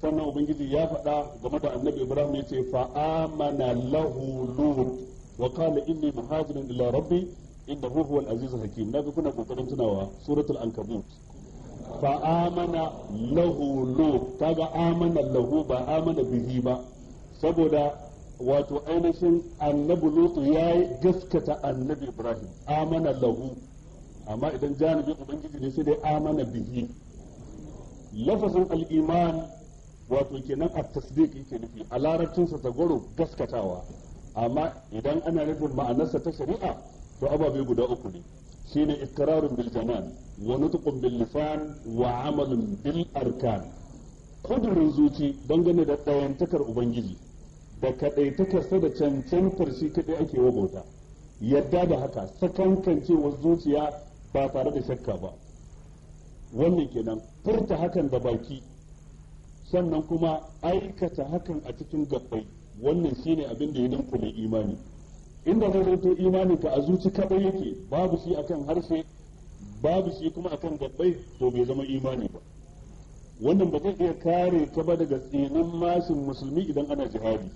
sannan ubangiji ya faɗa game da annabi ibrahim ya ce fa amana lahu lut wa qala inni muhajirun ila rabbi innahu huwal azizul hakim naga kuna kokarin tunawa suratul ankabut fa amana lahu lut kaga amana lahu ba amana bihi ba saboda wato ainihin annabi lutu ya gaskata annabi ibrahim amana lahu amma idan janibin ubangiji ne sai dai amana bihi lafazin al'iman wato kenan a tasdiq yake nufi a larabcinsa ta goro gaskatawa amma idan ana nufin ma'anarsa ta shari'a to ababe guda uku ne shine iqrarun bil zaman wa nutqun bil lisan wa amalun bil arkan kudurin zuci dangane da dayantakar ubangiji da kadaitakar sa da cancantar shi kadai ake wabauta yadda da haka sakankancewar zuciya ba tare da shakka ba wannan kenan furta hakan da baki sannan kuma aikata hakan a cikin gabbai wannan shine abin da ya da imani inda zai zanto imani ka a zuci kadai yake babu shi akan harshe babu shi kuma akan gabbai to bai zama imani ba wannan ba zai iya kare ka ba daga tsinan mashin musulmi idan ana jihadi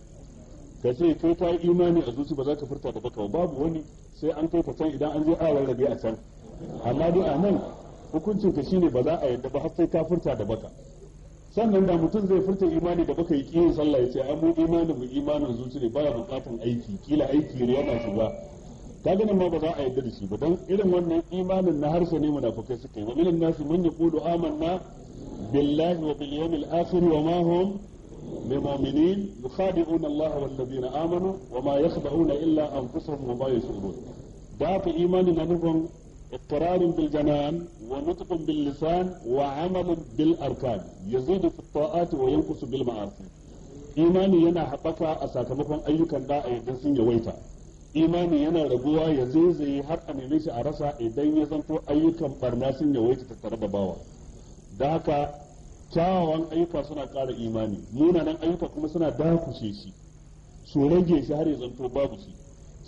ka ce kai ta imani a zuci ba za ka furta da baka ba babu wani sai an kai ka can idan an je awar rabi a can amma dai a nan hukuncin ka shine ba za a yadda ba har sai ka furta da baka sannan da mutum zai furta imani da baka yi kiyin sallah ya ce an mu imanin mu imanin zuci ne baya bukatan aiki kila aiki ne yana shiga ta ganin ma ba za a yarda da shi ba dan irin wannan imanin na harshe ne munafikai suka yi wa minan nasu mun yaqulu amanna billahi wa bil yawmil akhir wa ma hum بمؤمنين يخادعون الله والذين آمنوا وما يخدعون إلا أنفسهم وما يشعرون ذات إيمان نبهم اضطرار بالجنان ونطق باللسان وعمل بالاركان يزيد في الطاعات وينقص بالمعاصي imani yana haɓaka a sakamakon ayyukan da idan sun yawaita imani yana raguwa ya zaizaye har a neme shi a rasa idan ya zanto ayyukan barna sun yawaita tattare da bawa da haka kyawawan ayyuka suna ƙara imani munanan ayyuka kuma suna dakushe shi su rage shi har ya zanto babu shi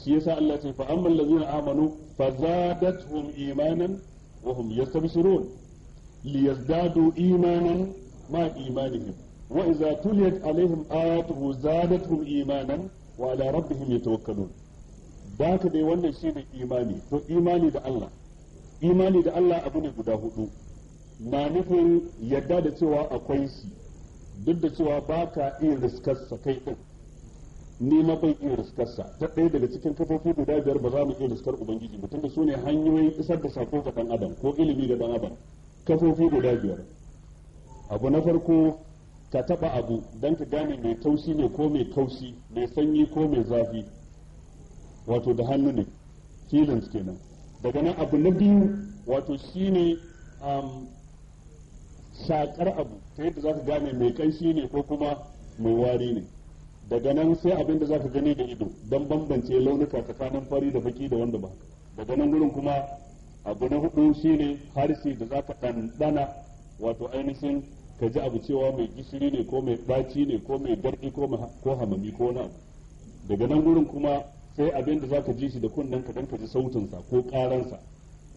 shi yasa Allah ce fa amman lazina amanu fa zadatuhum imanan wa hum yastabshirun liyazdadu imanan ma imanihim wa idza tuliyat alaihim ayatuhu zadatuhum imanan wa ala rabbihim yatawakkalun da ka dai wannan shirin imani to imani da Allah imani da Allah abu ne guda hudu na nufin yadda da cewa akwai shi duk da cewa ba ka iya riskarsa kai ɗin ni ma iya riskarsa ta ɗaya daga cikin kafofi guda biyar ba za mu iya riskar ubangiji mutum da su ne hanyoyin isar da sako ga ɗan adam ko ilimi ga ɗan adam kafofi guda biyar abu na farko ka taɓa abu don ka gane mai taushi ne ko mai kaushi mai sanyi ko mai zafi wato da hannu ne feelings kenan daga nan abu na biyu wato shine um, shakar abu ta yadda za ka gane mai kanshi ne ko kuma mai wari ne daga nan sai abin da zaka gani da ido don bambance launuka tsakanin fari da baki da wanda ba daga nan gurin kuma abu na hudu shine harshe da zaka ɗanɗana wato ainihin ka ji abu cewa mai gishiri ne ko mai ɗaci ne ko mai garɗi ko hamami ko na abu daga nan gurin kuma sai abin da zaka ji shi da kunnen ka dan ka ji sautinsa ko ƙaransa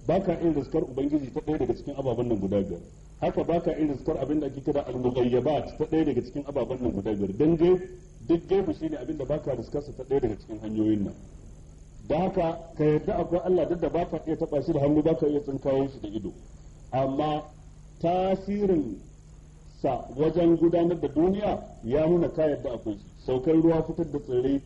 baka irin riskar ubangiji ta ɗaya daga cikin ababen nan guda biyar haka baka irin riskar abin da ake kira al-mughayyabat ta ɗaya daga cikin ababen nan guda biyar dan duk gaibu shine abin da baka riskarsa ta ɗaya daga cikin hanyoyin nan da haka ka yarda akwai Allah duk da baka iya taba shi da hannu baka iya tsinkawo shi da ido amma tasirin sa wajen gudanar da duniya ya nuna ka yarda akwai shi saukar ruwa fitar da tsirrai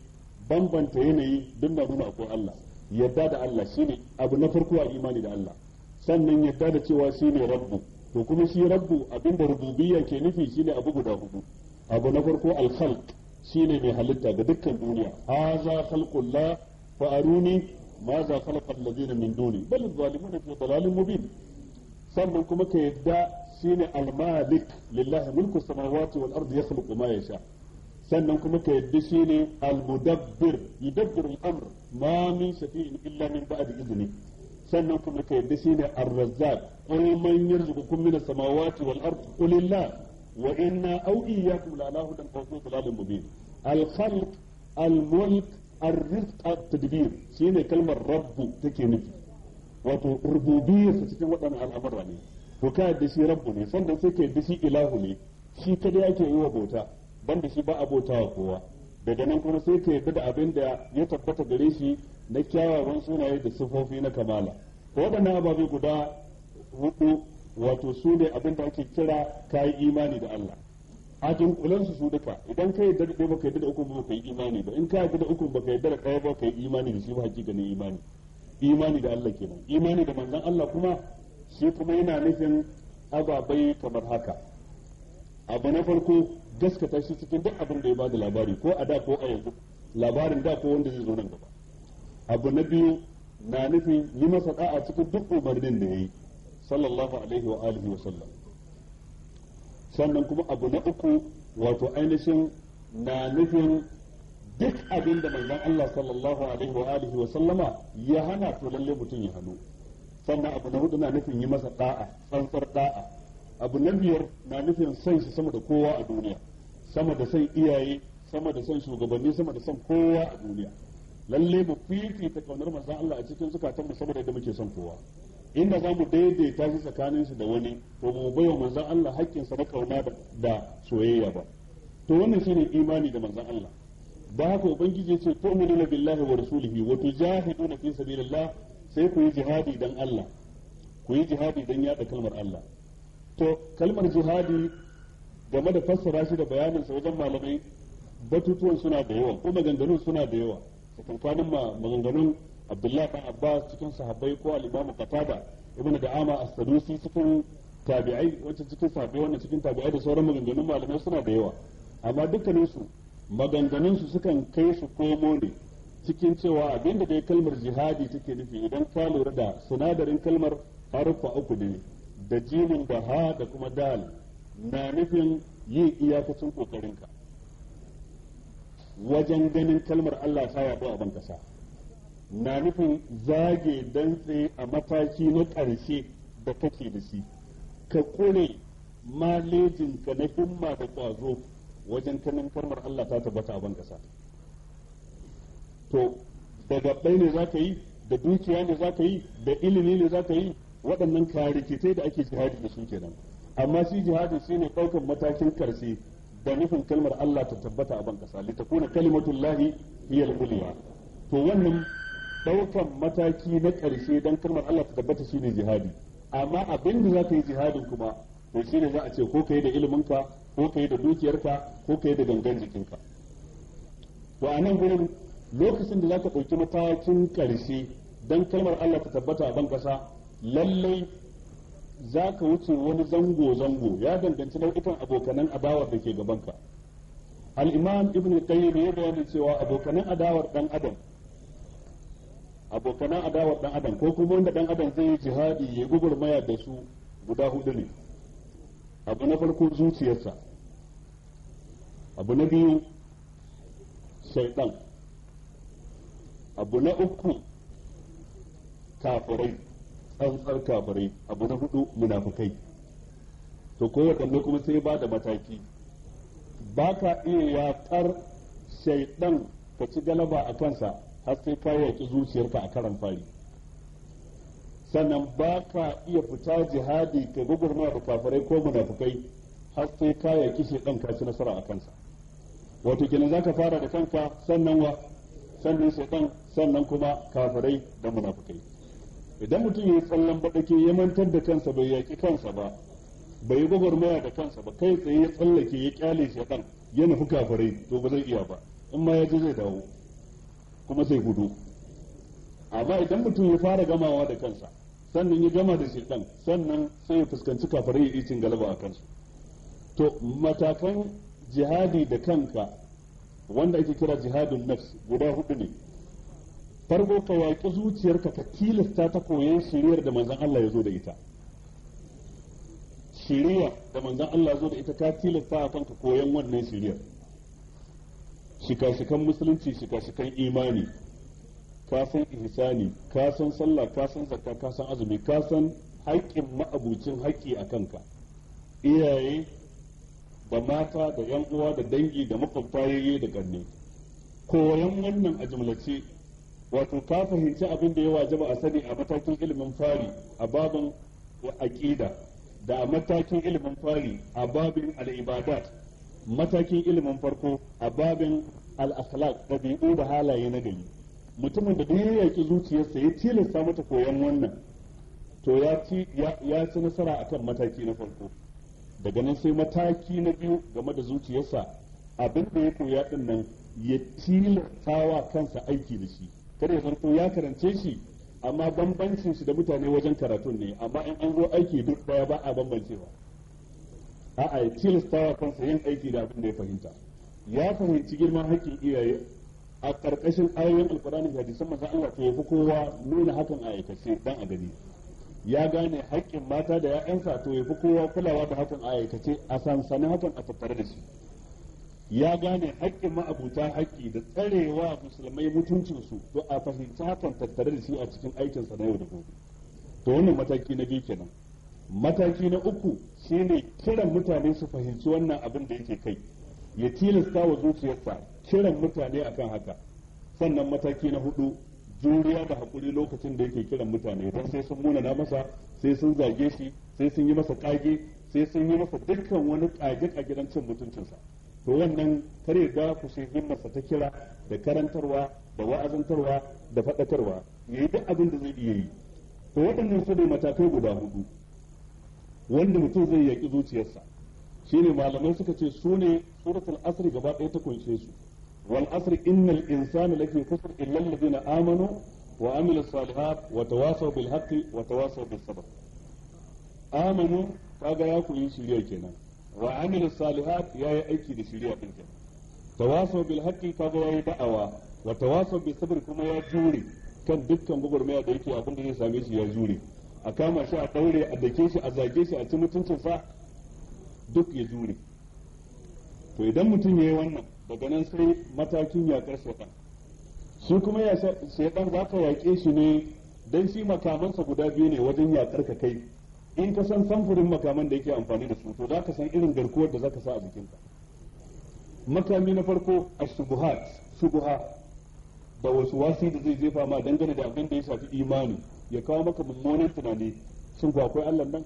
bambanta yanayi duk na nuna akwai Allah yadda da Allah shine abu na farko a imani da Allah sannan yadda da cewa shine rabbu to kuma shi rabbu abinda rububiyya ke nufi shine abu guda hudu abu na farko al-khalq shine mai halitta ga dukkan duniya haza khalqullah fa aruni maza khalaqa alladhina min duni bal zalimuna fi dalalin mubin sannan kuma ka yadda shine al almalik lillahi mulku samawati wal ardi yakhluqu ma yasha sannan kuma ka yadda shine al-mudabbir yudabbiru al-amr ma min shafi'in illa min ba'di idni sannan kuma ka yadda shine ar-razzaq qul man yarzuqukum minas samawati wal ardi qulillah wa inna aw iyyakum la ala hudan mubin al khalq al mulk ar rizq at tadbir shine kalmar rabbu take nufi wato rububiyyar cikin waɗannan al'amura ne to ka yadda shi rabbu ne sannan sai ka yadda shi ilahu ne shi kada ake yi wa bauta banda shi ba a wa kowa daga nan kuma sai ka yadda da abin da ya tabbata gare shi na kyawawan sunaye da sifofi na kamala waɗannan ababe guda hudu wato su ne abin da ake kira ka yi imani da Allah a dunkulan su su duka idan ka yarda da ba ka yarda da uku ka yi imani ba in ka yarda da uku ka yarda da ɗaya ka yi imani da shi ba hakikanin imani imani da Allah kenan imani da manzon Allah kuma shi kuma yana nufin ababai kamar haka abu na farko gaskata shi cikin duk abin da ya bada labari ko a da ko a yanzu labarin da ko wanda zai zo nan gaba abu na biyu na nufin yi masa da'a cikin duk umarnin da ya yi sallallahu alaihi wa alihi wa sallam sannan kuma abu na uku wato ainihin na nufin duk abin da manzon Allah sallallahu alaihi wa alihi wa sallama ya hana to lalle mutum ya hannu sannan abu na hudu na nufin yi masa da'a tsantsar da'a abu na biyar na nufin son shi sama da kowa a duniya sama da son iyaye sama da son shugabanni sama da son kowa a duniya lalle mu fifita kaunar manzon Allah a cikin zukatan mu saboda da muke son kowa inda za mu daidaita shi tsakanin shi da wani ba mu bai wa manzon Allah haƙƙin sa na kauna da soyayya ba to wannan shine imani da manzon Allah da haka ubangiji ce tu'minuna billahi wa rasulihi wa tujahiduna fi sabilillah sai ku yi jihadi dan Allah ku yi jihadi dan yada kalmar Allah to kalmar jihadi game da fassara shi da bayanin sa wajen malamai batutuwan suna da yawa ko maganganun suna da yawa tsakankanin maganganun abdullahi dan abbas cikin sahabbai ko al-imam qatada ibnu da'ama as-sadusi cikin tabi'ai wancan cikin sahabbai wannan cikin tabi'ai da sauran maganganun malamai suna da yawa amma dukkanin su maganganun su sukan kai su komo ne cikin cewa abinda dai kalmar jihadi take nufi idan ka lura da sinadarin kalmar harfa uku ne da jimin da ha da kuma dal na nufin yin iyakacin ka wajen ganin kalmar Allah ta yabo a ban kasa na nufin zage dantse a mataki na ƙarshe da kake da shi ka malejin malejinka na himma da ƙwazo wajen kanin kalmar Allah ta tabbata a ban kasa to daga gabbai ne za ka yi da dukiya ne za ka yi da ilimi ne za ka yi waɗannan karikitai da ake jihadi da su kenan amma shi jihadi shi ne ɗaukar matakin karshe da nufin kalmar Allah ta tabbata a ban kasa litakuna kalimatullahi hiyal uliya to wannan daukan mataki na ƙarshe don kalmar Allah ta tabbata shine jihadi amma abin da za ka yi jihadin kuma to shine za a ce ko ka yi da iliminka ko ka yi da dukiyarka ko ka yi da gangan jikinka to a nan gurin lokacin da za ka ɗauki matakin ƙarshe don kalmar Allah ta tabbata a ban ƙasa lallai za ka wuce wani zango-zango ya danganci nau'ikan abokanan adawar da ke gabanka al-imam ibn qayyim ya bayyana cewa abokanan adawar dan adam abokanan adawar dan adam ko kuma wanda dan adam zai yi jihadi ya gugurmaya da su guda hudu ne abu na farko zuciyarsa abu na biyu shaidan abu na uku kafirai tsantsar kafirai abu na hudu munafukai to kowace kuma sai ba da mataki ba ka iya yatar shaidan ka ci galaba a kansa har sai ka yaƙi zuciyarka a karan fari sannan ba ka iya fita jihadi ka gugurma da kafirai ko munafukai har sai ka yaƙi shedan ka kaci nasara a kansa wato kenan ka fara da kanka sannan wa sannan ɗan sannan kuma kafirai da munafukai idan mutum ya yi tsallan baɗake ya mantar da kansa bai yaƙi kansa ba bai yi gwagwarmaya da kansa ba kai tsaye ya tsallake ya kyale ɗan ya nufi kafirai to ba zai iya ba in ma ya je zai dawo kuma sai gudu amma idan mutum ya fara gamawa da kansa sannan ya gama da shaitan sannan sai ya fuskanci kafirai ya cin galaba a kansu to matakan jihadi da kanka wanda ake kira jihadin nafs guda hudu ne farko ka yaƙi zuciyarka ka tilasta ta koyan shiriyar da manzon Allah ya zo da ita shiriyar da manzon Allah ya zo da ita ka tilasta a kanka koyan wannan shiriyar shika-shikan musulunci shika-shikan imani ka san ihsani ka san sallah ka san zakka ka san azumi ka san haƙƙin ma'abucin haƙƙi a kanka iyaye da mata da yan uwa da dangi da makwabta da ƙanne koyan wannan a jumlace wato ka fahimci abin da ya wajaba a sani a matakin ilimin fari a babin aqida da a matakin ilimin fari a babin al'ibadat matakin ilimin farko a babin al-akhlaq dabi'u da halaye na gari mutumin da duk ya yaki zuciyarsa ya tilasta mata koyon wannan to ya ci ya ci nasara akan mataki na farko daga nan sai mataki na biyu game da zuciyarsa abin da ya koya din nan ya wa kansa aiki da shi kada ya farko ya karance shi amma bambancin shi da mutane wajen karatun ne amma in an zo aiki duk baya ba a bambancewa a'a ya tilasta kansa yin aiki da abin da ya fahimta ya fahimci girman hakkin iyaye a ƙarƙashin ayoyin alƙur'ani da hadisan manzon Allah to yafi kowa nuna hakan a aikace dan a gani ya gane haƙƙin mata da ƴaƴansa to yafi kowa kulawa da hakan a aikace a sansanin hakan a tattare da shi ya gane haƙƙin ma'abuta haƙƙi da tsarewa musulmai mutuncinsu to a fahimci hakan tattare da shi a cikin aikinsa na yau da gobe to wannan mataki na biyu kenan mataki na uku shine kiran mutane su fahimci wannan abin da yake kai ya tilasta wa zuciyarsa kiran mutane akan haka sannan mataki na hudu juriya da hakuri lokacin da yake kiran mutane don sai sun munana masa sai sun zage shi sai sun yi masa kage sai sun yi masa dukkan wani kage a gidan cin mutuncinsa to wannan karya da ku sai himmarsa ta kira da karantarwa da wa'azantarwa da faɗakarwa yi duk abin da zai iya yi to waɗannan su ne matakai guda hudu wanda mutum zai yaƙi zuciyarsa shine malamai suka ce su ne suratul asr gaba ɗaya ta kunshe su wal asr innal insana lafi kusur illa alladhina amanu wa amilus salihat wa tawasaw bil haqqi wa tawasaw bis sabr amanu kaga ya koyi shiriya kenan wa amilus salihat yayi aiki da shirya din kenan tawasaw bil haqqi kaga yayi da'awa wa tawasaw bis sabr kuma ya jure kan dukkan gwagwarmaya da yake abin da zai same shi ya jure a kama shi a ɗaure a dake shi a zage shi a ci mutuncin sa duk ya jure to idan mutum ya yi wannan daga nan sai matakin yaƙar shaitan shi kuma ya shaitan za ka yaƙe shi ne don shi makamansa guda biyu ne wajen yaƙar ka kai in ka san samfurin makaman da yake amfani da su to za ka san irin garkuwar da za ka sa a jikinka makami na farko a shubuhat shubuha da wasu wasi da zai jefa ma dangane da abin da ya shafi imani ya kawo maka mummunan tunani shin akwai Allah nan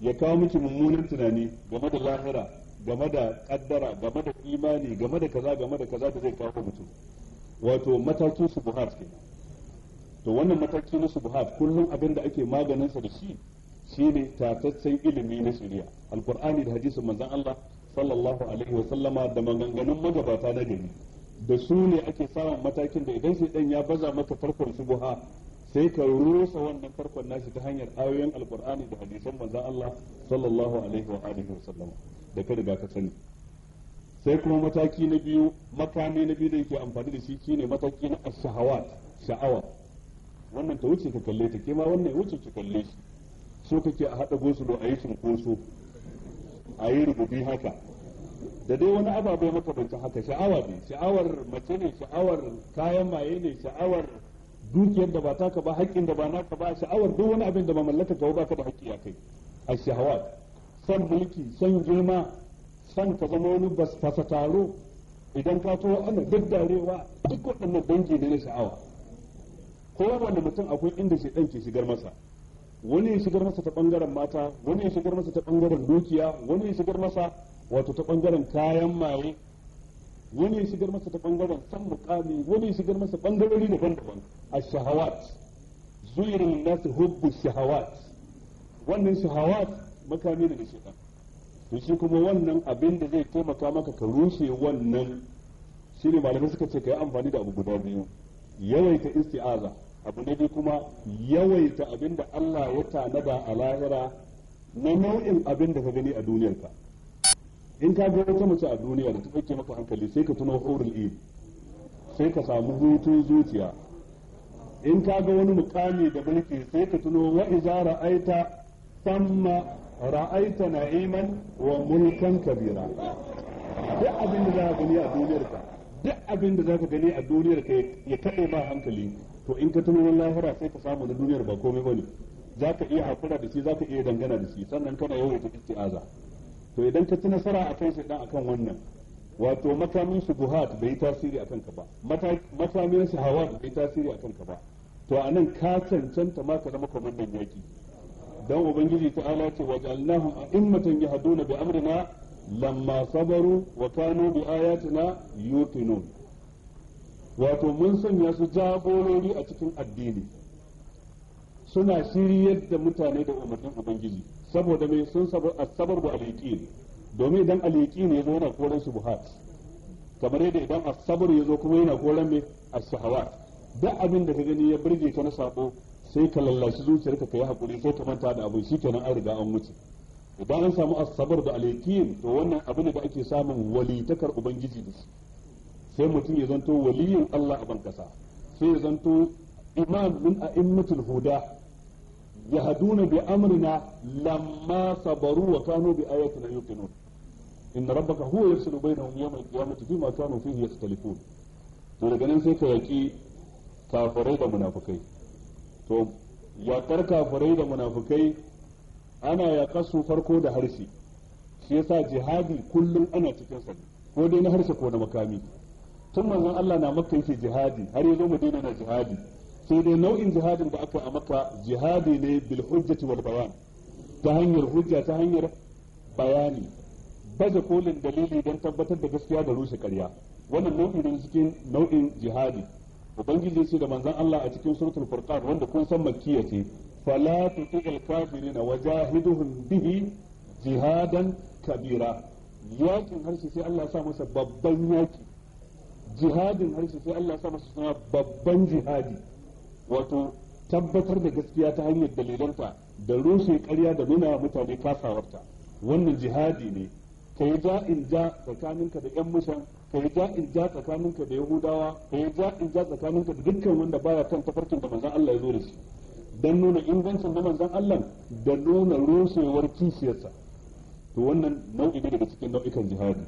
ya kawo miki mummunan tunani game da lahira game da kaddara game da imani game da kaza game da kaza da zai kawo mutum wato matakin subuhat ke to wannan mataki na subhat kullum abin da ake maganin sa da shi shine tataccen ilimi na shari'a alqur'ani da hadisi manzon Allah sallallahu alaihi wa sallama da maganganun magabata na gari da su ne ake samun matakin da idan shi dan ya baza maka farkon shubuha sai ka rusa wannan farkon nashi ta hanyar ayoyin alkur'ani da hadisan manzon Allah sallallahu alaihi wa alihi wa sallam da ka riga ka sani sai kuma mataki na biyu makami na biyu da yake amfani da shi shine mataki na ashahawat sha'awa wannan ta wuce ka kalle ta kima wannan ya wuce ka kalle shi so kake a haɗa gosulo a yi shinkoso a yi rububi haka da dai wani ababai makamancin haka sha'awa ne sha'awar mace ne sha'awar kayan maye ne sha'awar dukiyar da ba ka ba haƙƙin da ba ka ba sha'awar duk wani abin da ba mallaka ka ba ka da haƙƙi a kai a shahawa san mulki san girma san ka zama wani basa taro idan ka to ana daddarewa duk waɗannan dangi ne na sha'awa ko wanda mutum akwai inda shi ɗan ke shigar masa wani ya shigar masa ta ɓangaren mata wani ya shigar masa ta ɓangaren dukiya wani ya shigar masa wato ta ɓangaren kayan maye wani ya shigar masa ta bangaren san mukami wani ya shigar masa bangarori daban-daban a shahawat na nasu hubbu shahawat wannan shahawat makami da shi to shi kuma wannan abin da zai taimaka maka ka rushe wannan shine malamai suka ce ka yi amfani da abu guda biyu yawaita isti'aza abu na biyu kuma yawaita abin da Allah ya tanada a lahira na nau'in abin da ka gani a duniyarka in ka ga wata mace a duniya da ta ɗauke maka hankali sai ka tuno hurul in sai ka samu hutun zuciya in ka ga wani mukami da mulki sai ka tuno wa iza ra'aita samma ra'aita na'iman wa mulkan kabira duk abin da za ka gani a duniyar ka duk abin da za ka gani a duniyar ka ya kaɗe ba hankali to in ka tuno wani lahira sai ka samu da duniyar ba komai bane za ka iya hakura da shi za ka iya dangana da shi sannan kana yawaita aza. to idan ka ci nasara akan shi dan akan wannan wato makamin su buhat bai tasiri akan ka ba makamin su hawa bai tasiri akan ka ba to a nan ka cancanta ma ka zama kwamandan yaki dan ubangiji ta ala ce wa ja'alnahum a'immatan yahduna bi amrina lamma sabaru wa kano bi ayatina yuqinun wato mun sanya su jagorori a cikin addini suna shiryar da mutane da umarnin ubangiji saboda mai sun sabar bu aliƙin domin idan aliƙin ya zo yana koran buhat kamar yadda idan a sabar ya zo kuma yana koran mai a shahawa duk abin da ka gani ya burge ka na sabo sai ka lallashi zuciyarka ka yi hakuri sai ka manta da abin kenan an riga an wuce idan an samu a asabar da aliƙin to wannan abin da ake samun walitakar ubangiji da shi sai mutum ya zanto waliyin Allah a bankasa sai ya zanto imam min a'immatul huda yahduna bi amrina lamma sabaru wa kanu bi ayatina yuqinun inna rabbaka huwa yafsilu bainahum yawma al-qiyamati fima kanu fihi yastalifun to daga nan sai ka yaki kafirai da munafikai to yakar kafirai da munafukai ana yakar su farko da harshe shi yasa jihadi kullum ana cikin ko dai na harshe ko na makami tun manzon Allah na makka yake jihadi har ya zo daina na jihadi sai dai nau'in jihadin da aka a maka jihadi ne bil hujjati wal bayan ta hanyar hujja ta hanyar bayani baje kolin dalili don tabbatar da gaskiya da rushe karya wannan nau'in ne cikin nau'in jihadi ubangiji ce da manzon Allah a cikin suratul furqan wanda kun san makkiya ce fala tuti'il kafirina wajahiduhum bihi jihadan kabira yakin harshe sai Allah ya sa masa babban yaki jihadin harshe sai Allah ya sa masa babban jihadi wato tabbatar da gaskiya ta hanyar dalilanta da rushe karya da nuna mutane kasawarta wannan jihadi ne ka yi ja'in ja tsakaninka da yan mushan ka yi ja'in ja tsakaninka da yahudawa ka yi ja'in ja tsakaninka da dukkan wanda baya kan tafarkin da manzon Allah ya zo da shi dan nuna ingancin da manzon Allah da nuna rushewar kishiyarsa to wannan nau'i ne daga cikin nau'ikan jihadi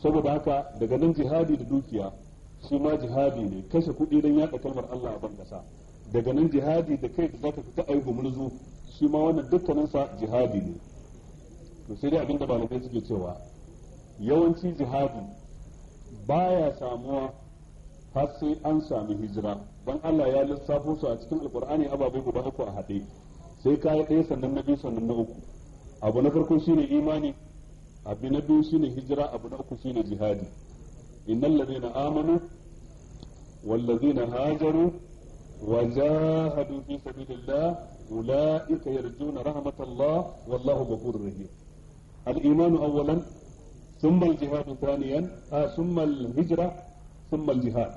saboda haka daga nan jihadi da dukiya shi ma jihadi ne kashe kuɗi don yaɗa kalmar Allah a ban daga nan jihadi da kai da zaka fita ayi gumurzu shi ma wannan dukkaninsa jihadi ne to sai dai abinda malamai suke cewa yawanci jihadi baya samuwa har sai an sami hijira dan Allah ya lissafo su a cikin alqur'ani ababai guda uku a haɗe sai kayi ɗaya sannan na biyu sannan na uku abu na farko shine imani abu na biyu shine hijira abu na uku shine jihadi innal ladina amanu wal na hajaru wa jahadu fi sabilillah ulaika yarjuna rahmatallah wallahu ghafurur rahim al iman awwalan thumma al jihad thaniyan thumma al hijra thumma al jihad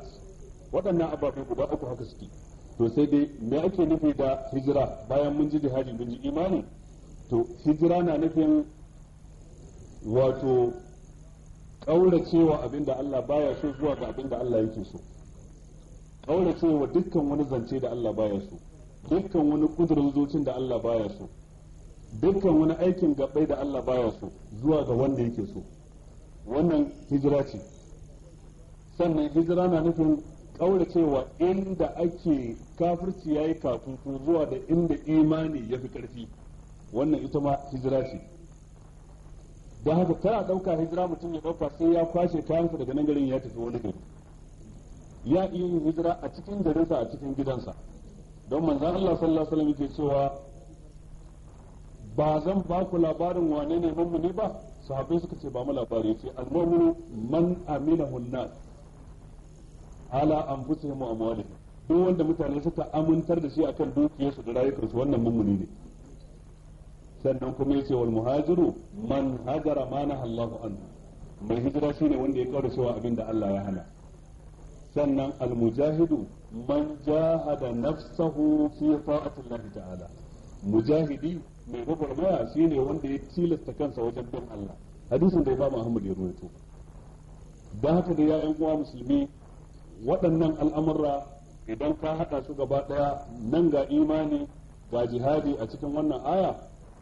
waɗannan ababe guda uku haka suke to sai dai me ake nufi da hijira bayan mun ji jihadi mun ji imani to hijira na nufin wato cewa abin da Allah baya so zuwa ga abin da Allah yake so cewa dukkan wani zance da Allah baya so dukkan wani kudurin zocin da Allah baya so dukkan wani aikin gabai da Allah baya so zuwa ga wanda yake so wannan hijira ce sannan hijira na nufin cewa inda ake kafirci yayi kafin zuwa da inda imani ya fi karfi wannan ita ma hijira ce da haka tana ɗauka hijira mutum ya ɗauka sai ya kwashe kayansa daga nan garin ya tafi wani gari ya iya yin hijira a cikin garinsa a cikin gidansa don manzan Allah sallallahu alaihi wasallam yake cewa ba zan ba ku labarin wane ne mummuni ba sahabbai suka ce ba mu labari ce al-mu'minu man hala an ala anfusihim wa amwalihim duk wanda mutane suka amintar da shi akan dukiyarsu da rayukansu wannan mummuni ne sannan kuma yace wal muhajiru man hajara ma naha Allahu anhu mai hijira shine wanda ya kaura cewa abin da Allah ya hana sannan al mujahidu man jahada nafsahu fi ta'ati Allah ta'ala mujahidi mai gwagwarmaya shine wanda ya tilasta kansa wajen bin Allah hadisin da Imam Ahmad ya rawaito dan haka da ya'yan uwa musulmi waɗannan al'amurra idan ka haɗa su gaba ɗaya nan ga imani ga jihadi a cikin wannan aya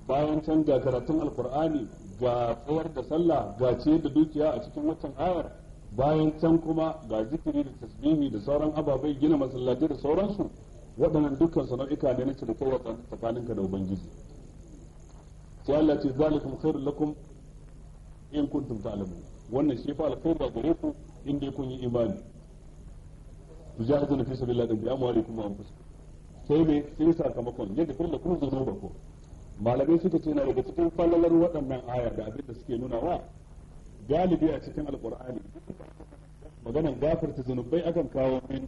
bayan can ga karatun alkur'ani ga tsayar da sallah ga ce da dukiya a cikin watan ayar bayan can kuma ga zikiri da tasbihi da sauran ababai gina masallaci da sauransu waɗannan dukkan nau'ika ne na tsakanin ka da ubangiji sai Allah ce zalikum khairul lakum in kuntum ta'lamun wannan shi fa alkhairu gare ku in dai kun yi imani tujahiduna fi sabilillah bi amwalikum wa anfusikum sai me sai sakamakon yadda kullu kullu zunuba ku malamai suka ce na daga cikin falalar waɗannan aya da abin da suke nuna wa galibi a cikin alkur'ani maganan gafarta zunubai akan kawo min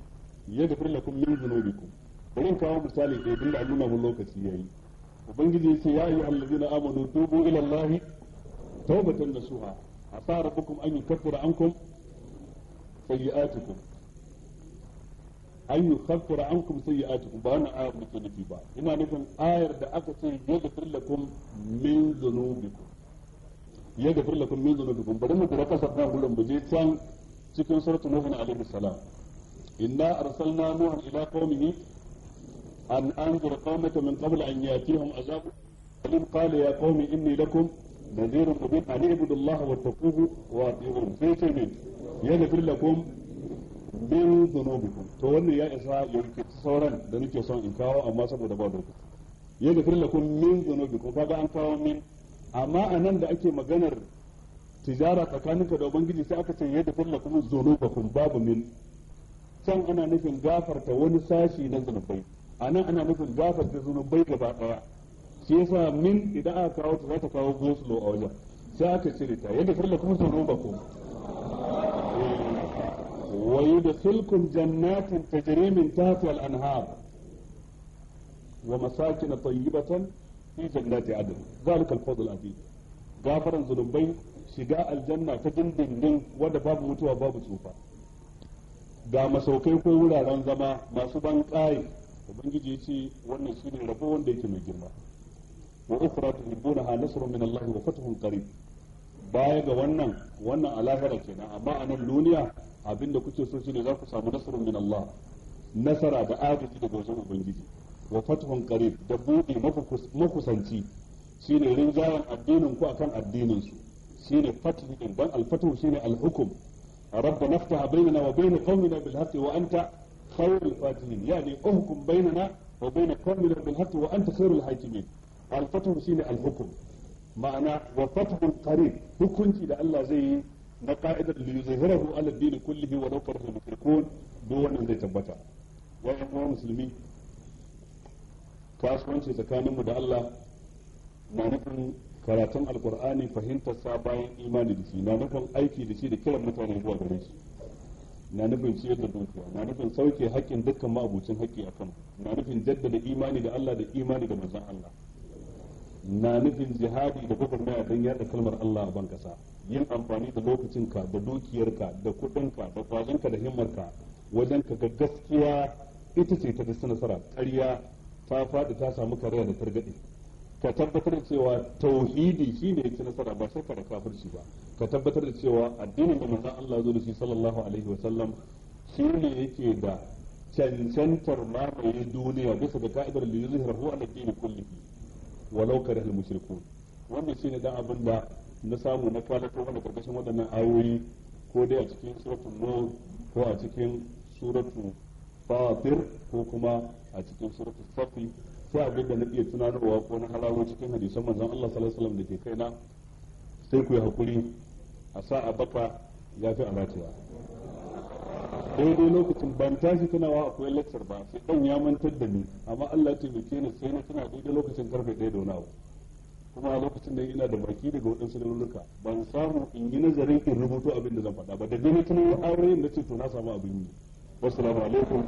ya gafir lakum min zunubikum bari kawo misali da yadda a nuna mun lokaci yayi ubangiji ya ce ya ayyuha allazina amanu tubu ila allahi tawbatan nasuha asa rabbukum an yukaffira ankum sayyi'atukum an yi kafara an kuma sai ya ati ba wannan ayar muke nufi ba ina nufin ayar da aka ce ya gafir lakum min zunubikum ya gafir lakum min zunubikum bari mu kura kasar nan gurin mu je can cikin suratul nuh alaihi salam inna arsalna nuhan ila qaumihi an anzir qaumaka min qabl an yatihum azab alim qala ya qaumi inni lakum nadhirun mubin an ibudu allaha wattaquhu wa ati'un sai ce min ya gafir lakum bin zunubikum to wannan ya isa ya rikici sauran da nake son in kawo amma saboda ba lokaci ya gafir lakum min zunubikum kaga an kawo min amma anan da ake maganar tijara tsakaninka da ubangiji sai aka ce ya gafir lakum zunubakum babu min san ana nufin gafarta wani sashi na zunubai anan ana nufin gafarta zunubai gaba daya shi yasa min idan aka kawo ta za ta kawo goslo a wajen sai aka cire ta ya gafir lakum zunubakum ويدخلكم جنات تجري من تحتها الانهار ومساكن طيبة في جنات عدن ذلك الفضل العظيم غافرا ذنوبين شقاء الجنة تجندن ودا باب متوى باب سوفا ga masaukai ko wuraren zama masu ban ce wannan shine rabo wanda yake mai girma wa ukhra tuhibbunaha nasrun min Allah wa fathun qarib baya ga wannan wannan alahara kenan amma a nan duniya abinda kuke so shine za ku samu nasarar min Allah nasara da agaji daga wajen ubangiji wa fathun qarib da buɗe makusanci shine rinjayen addinin ku akan addinin su shine fathu din dan al-fathu shine al-hukm ربنا افتح بيننا وبين قومنا بالحق وانت خير الفاتحين يعني احكم بيننا وبين قومنا بالحق وانت خير الحاكمين الفتح شيء الحكم معنى وفتح قريب hukunci da Allah zai yi na ka'idar da li yuzhirahu ala dini kullihi wa law karaha mushrikun duk wannan zai tabbata wa kuma musulmi kasuwanci tsakanin mu da Allah na nufin karatun alkur'ani fahimtar sa bayan imani da shi na nufin aiki da shi da kiran mutane zuwa gare shi na nufin ciyar da dukiya na nufin sauke haƙƙin dukkan ma'abucin haƙƙi a kan na nufin jaddada imani da Allah da imani da manzon Allah na nufin jihadi da gwagwarmaya don yaɗa kalmar Allah a ban kasa yin amfani da lokacinka da dukiyarka da kudinka da kwazonka da himmarka wajen ka ga gaskiya ita ce ta dasu nasara karya ta faɗi ta samu karya da targaɗe ka tabbatar da cewa tauhidi shine ya ci nasara ba shakka da kafirci ba ka tabbatar da cewa addinin da manzon Allah zo da shi sallallahu alaihi wa sallam shi ne yake da cancantar mamaye duniya bisa ga ka'idar li yuzhirahu ala dini kullihi walau karihal mushrikun wannan shine dan abin da na samu na kwalato wani karkashin waɗannan ayoyi ko dai a cikin suratul nur ko a cikin suratu fatir ko kuma a cikin suratul safi sai abin da na iya tunanarwa ko na halawo cikin hadisan manzan Allah sallallahu alaihi wasallam da ke kaina sai ku yi hakuri a sa a baka ya fi a ratewa daidai lokacin ban tashi tunawa akwai lecture ba sai dan ya mantar da ni amma Allah ya taimake ni sai na tuna daidai lokacin karfe 1 da wani abu kuma a lokacin da ina da baki daga waɗansu galunuka ban samu in yi nazarin in rubuto abin da zan faɗa ba da gani tuno ayoyin na ce to na samu abin yi wassalamu alaikum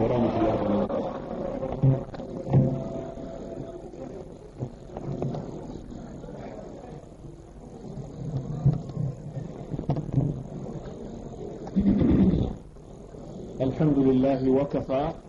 wa rahmatullahi wa barakatuh الحمد لله وكفى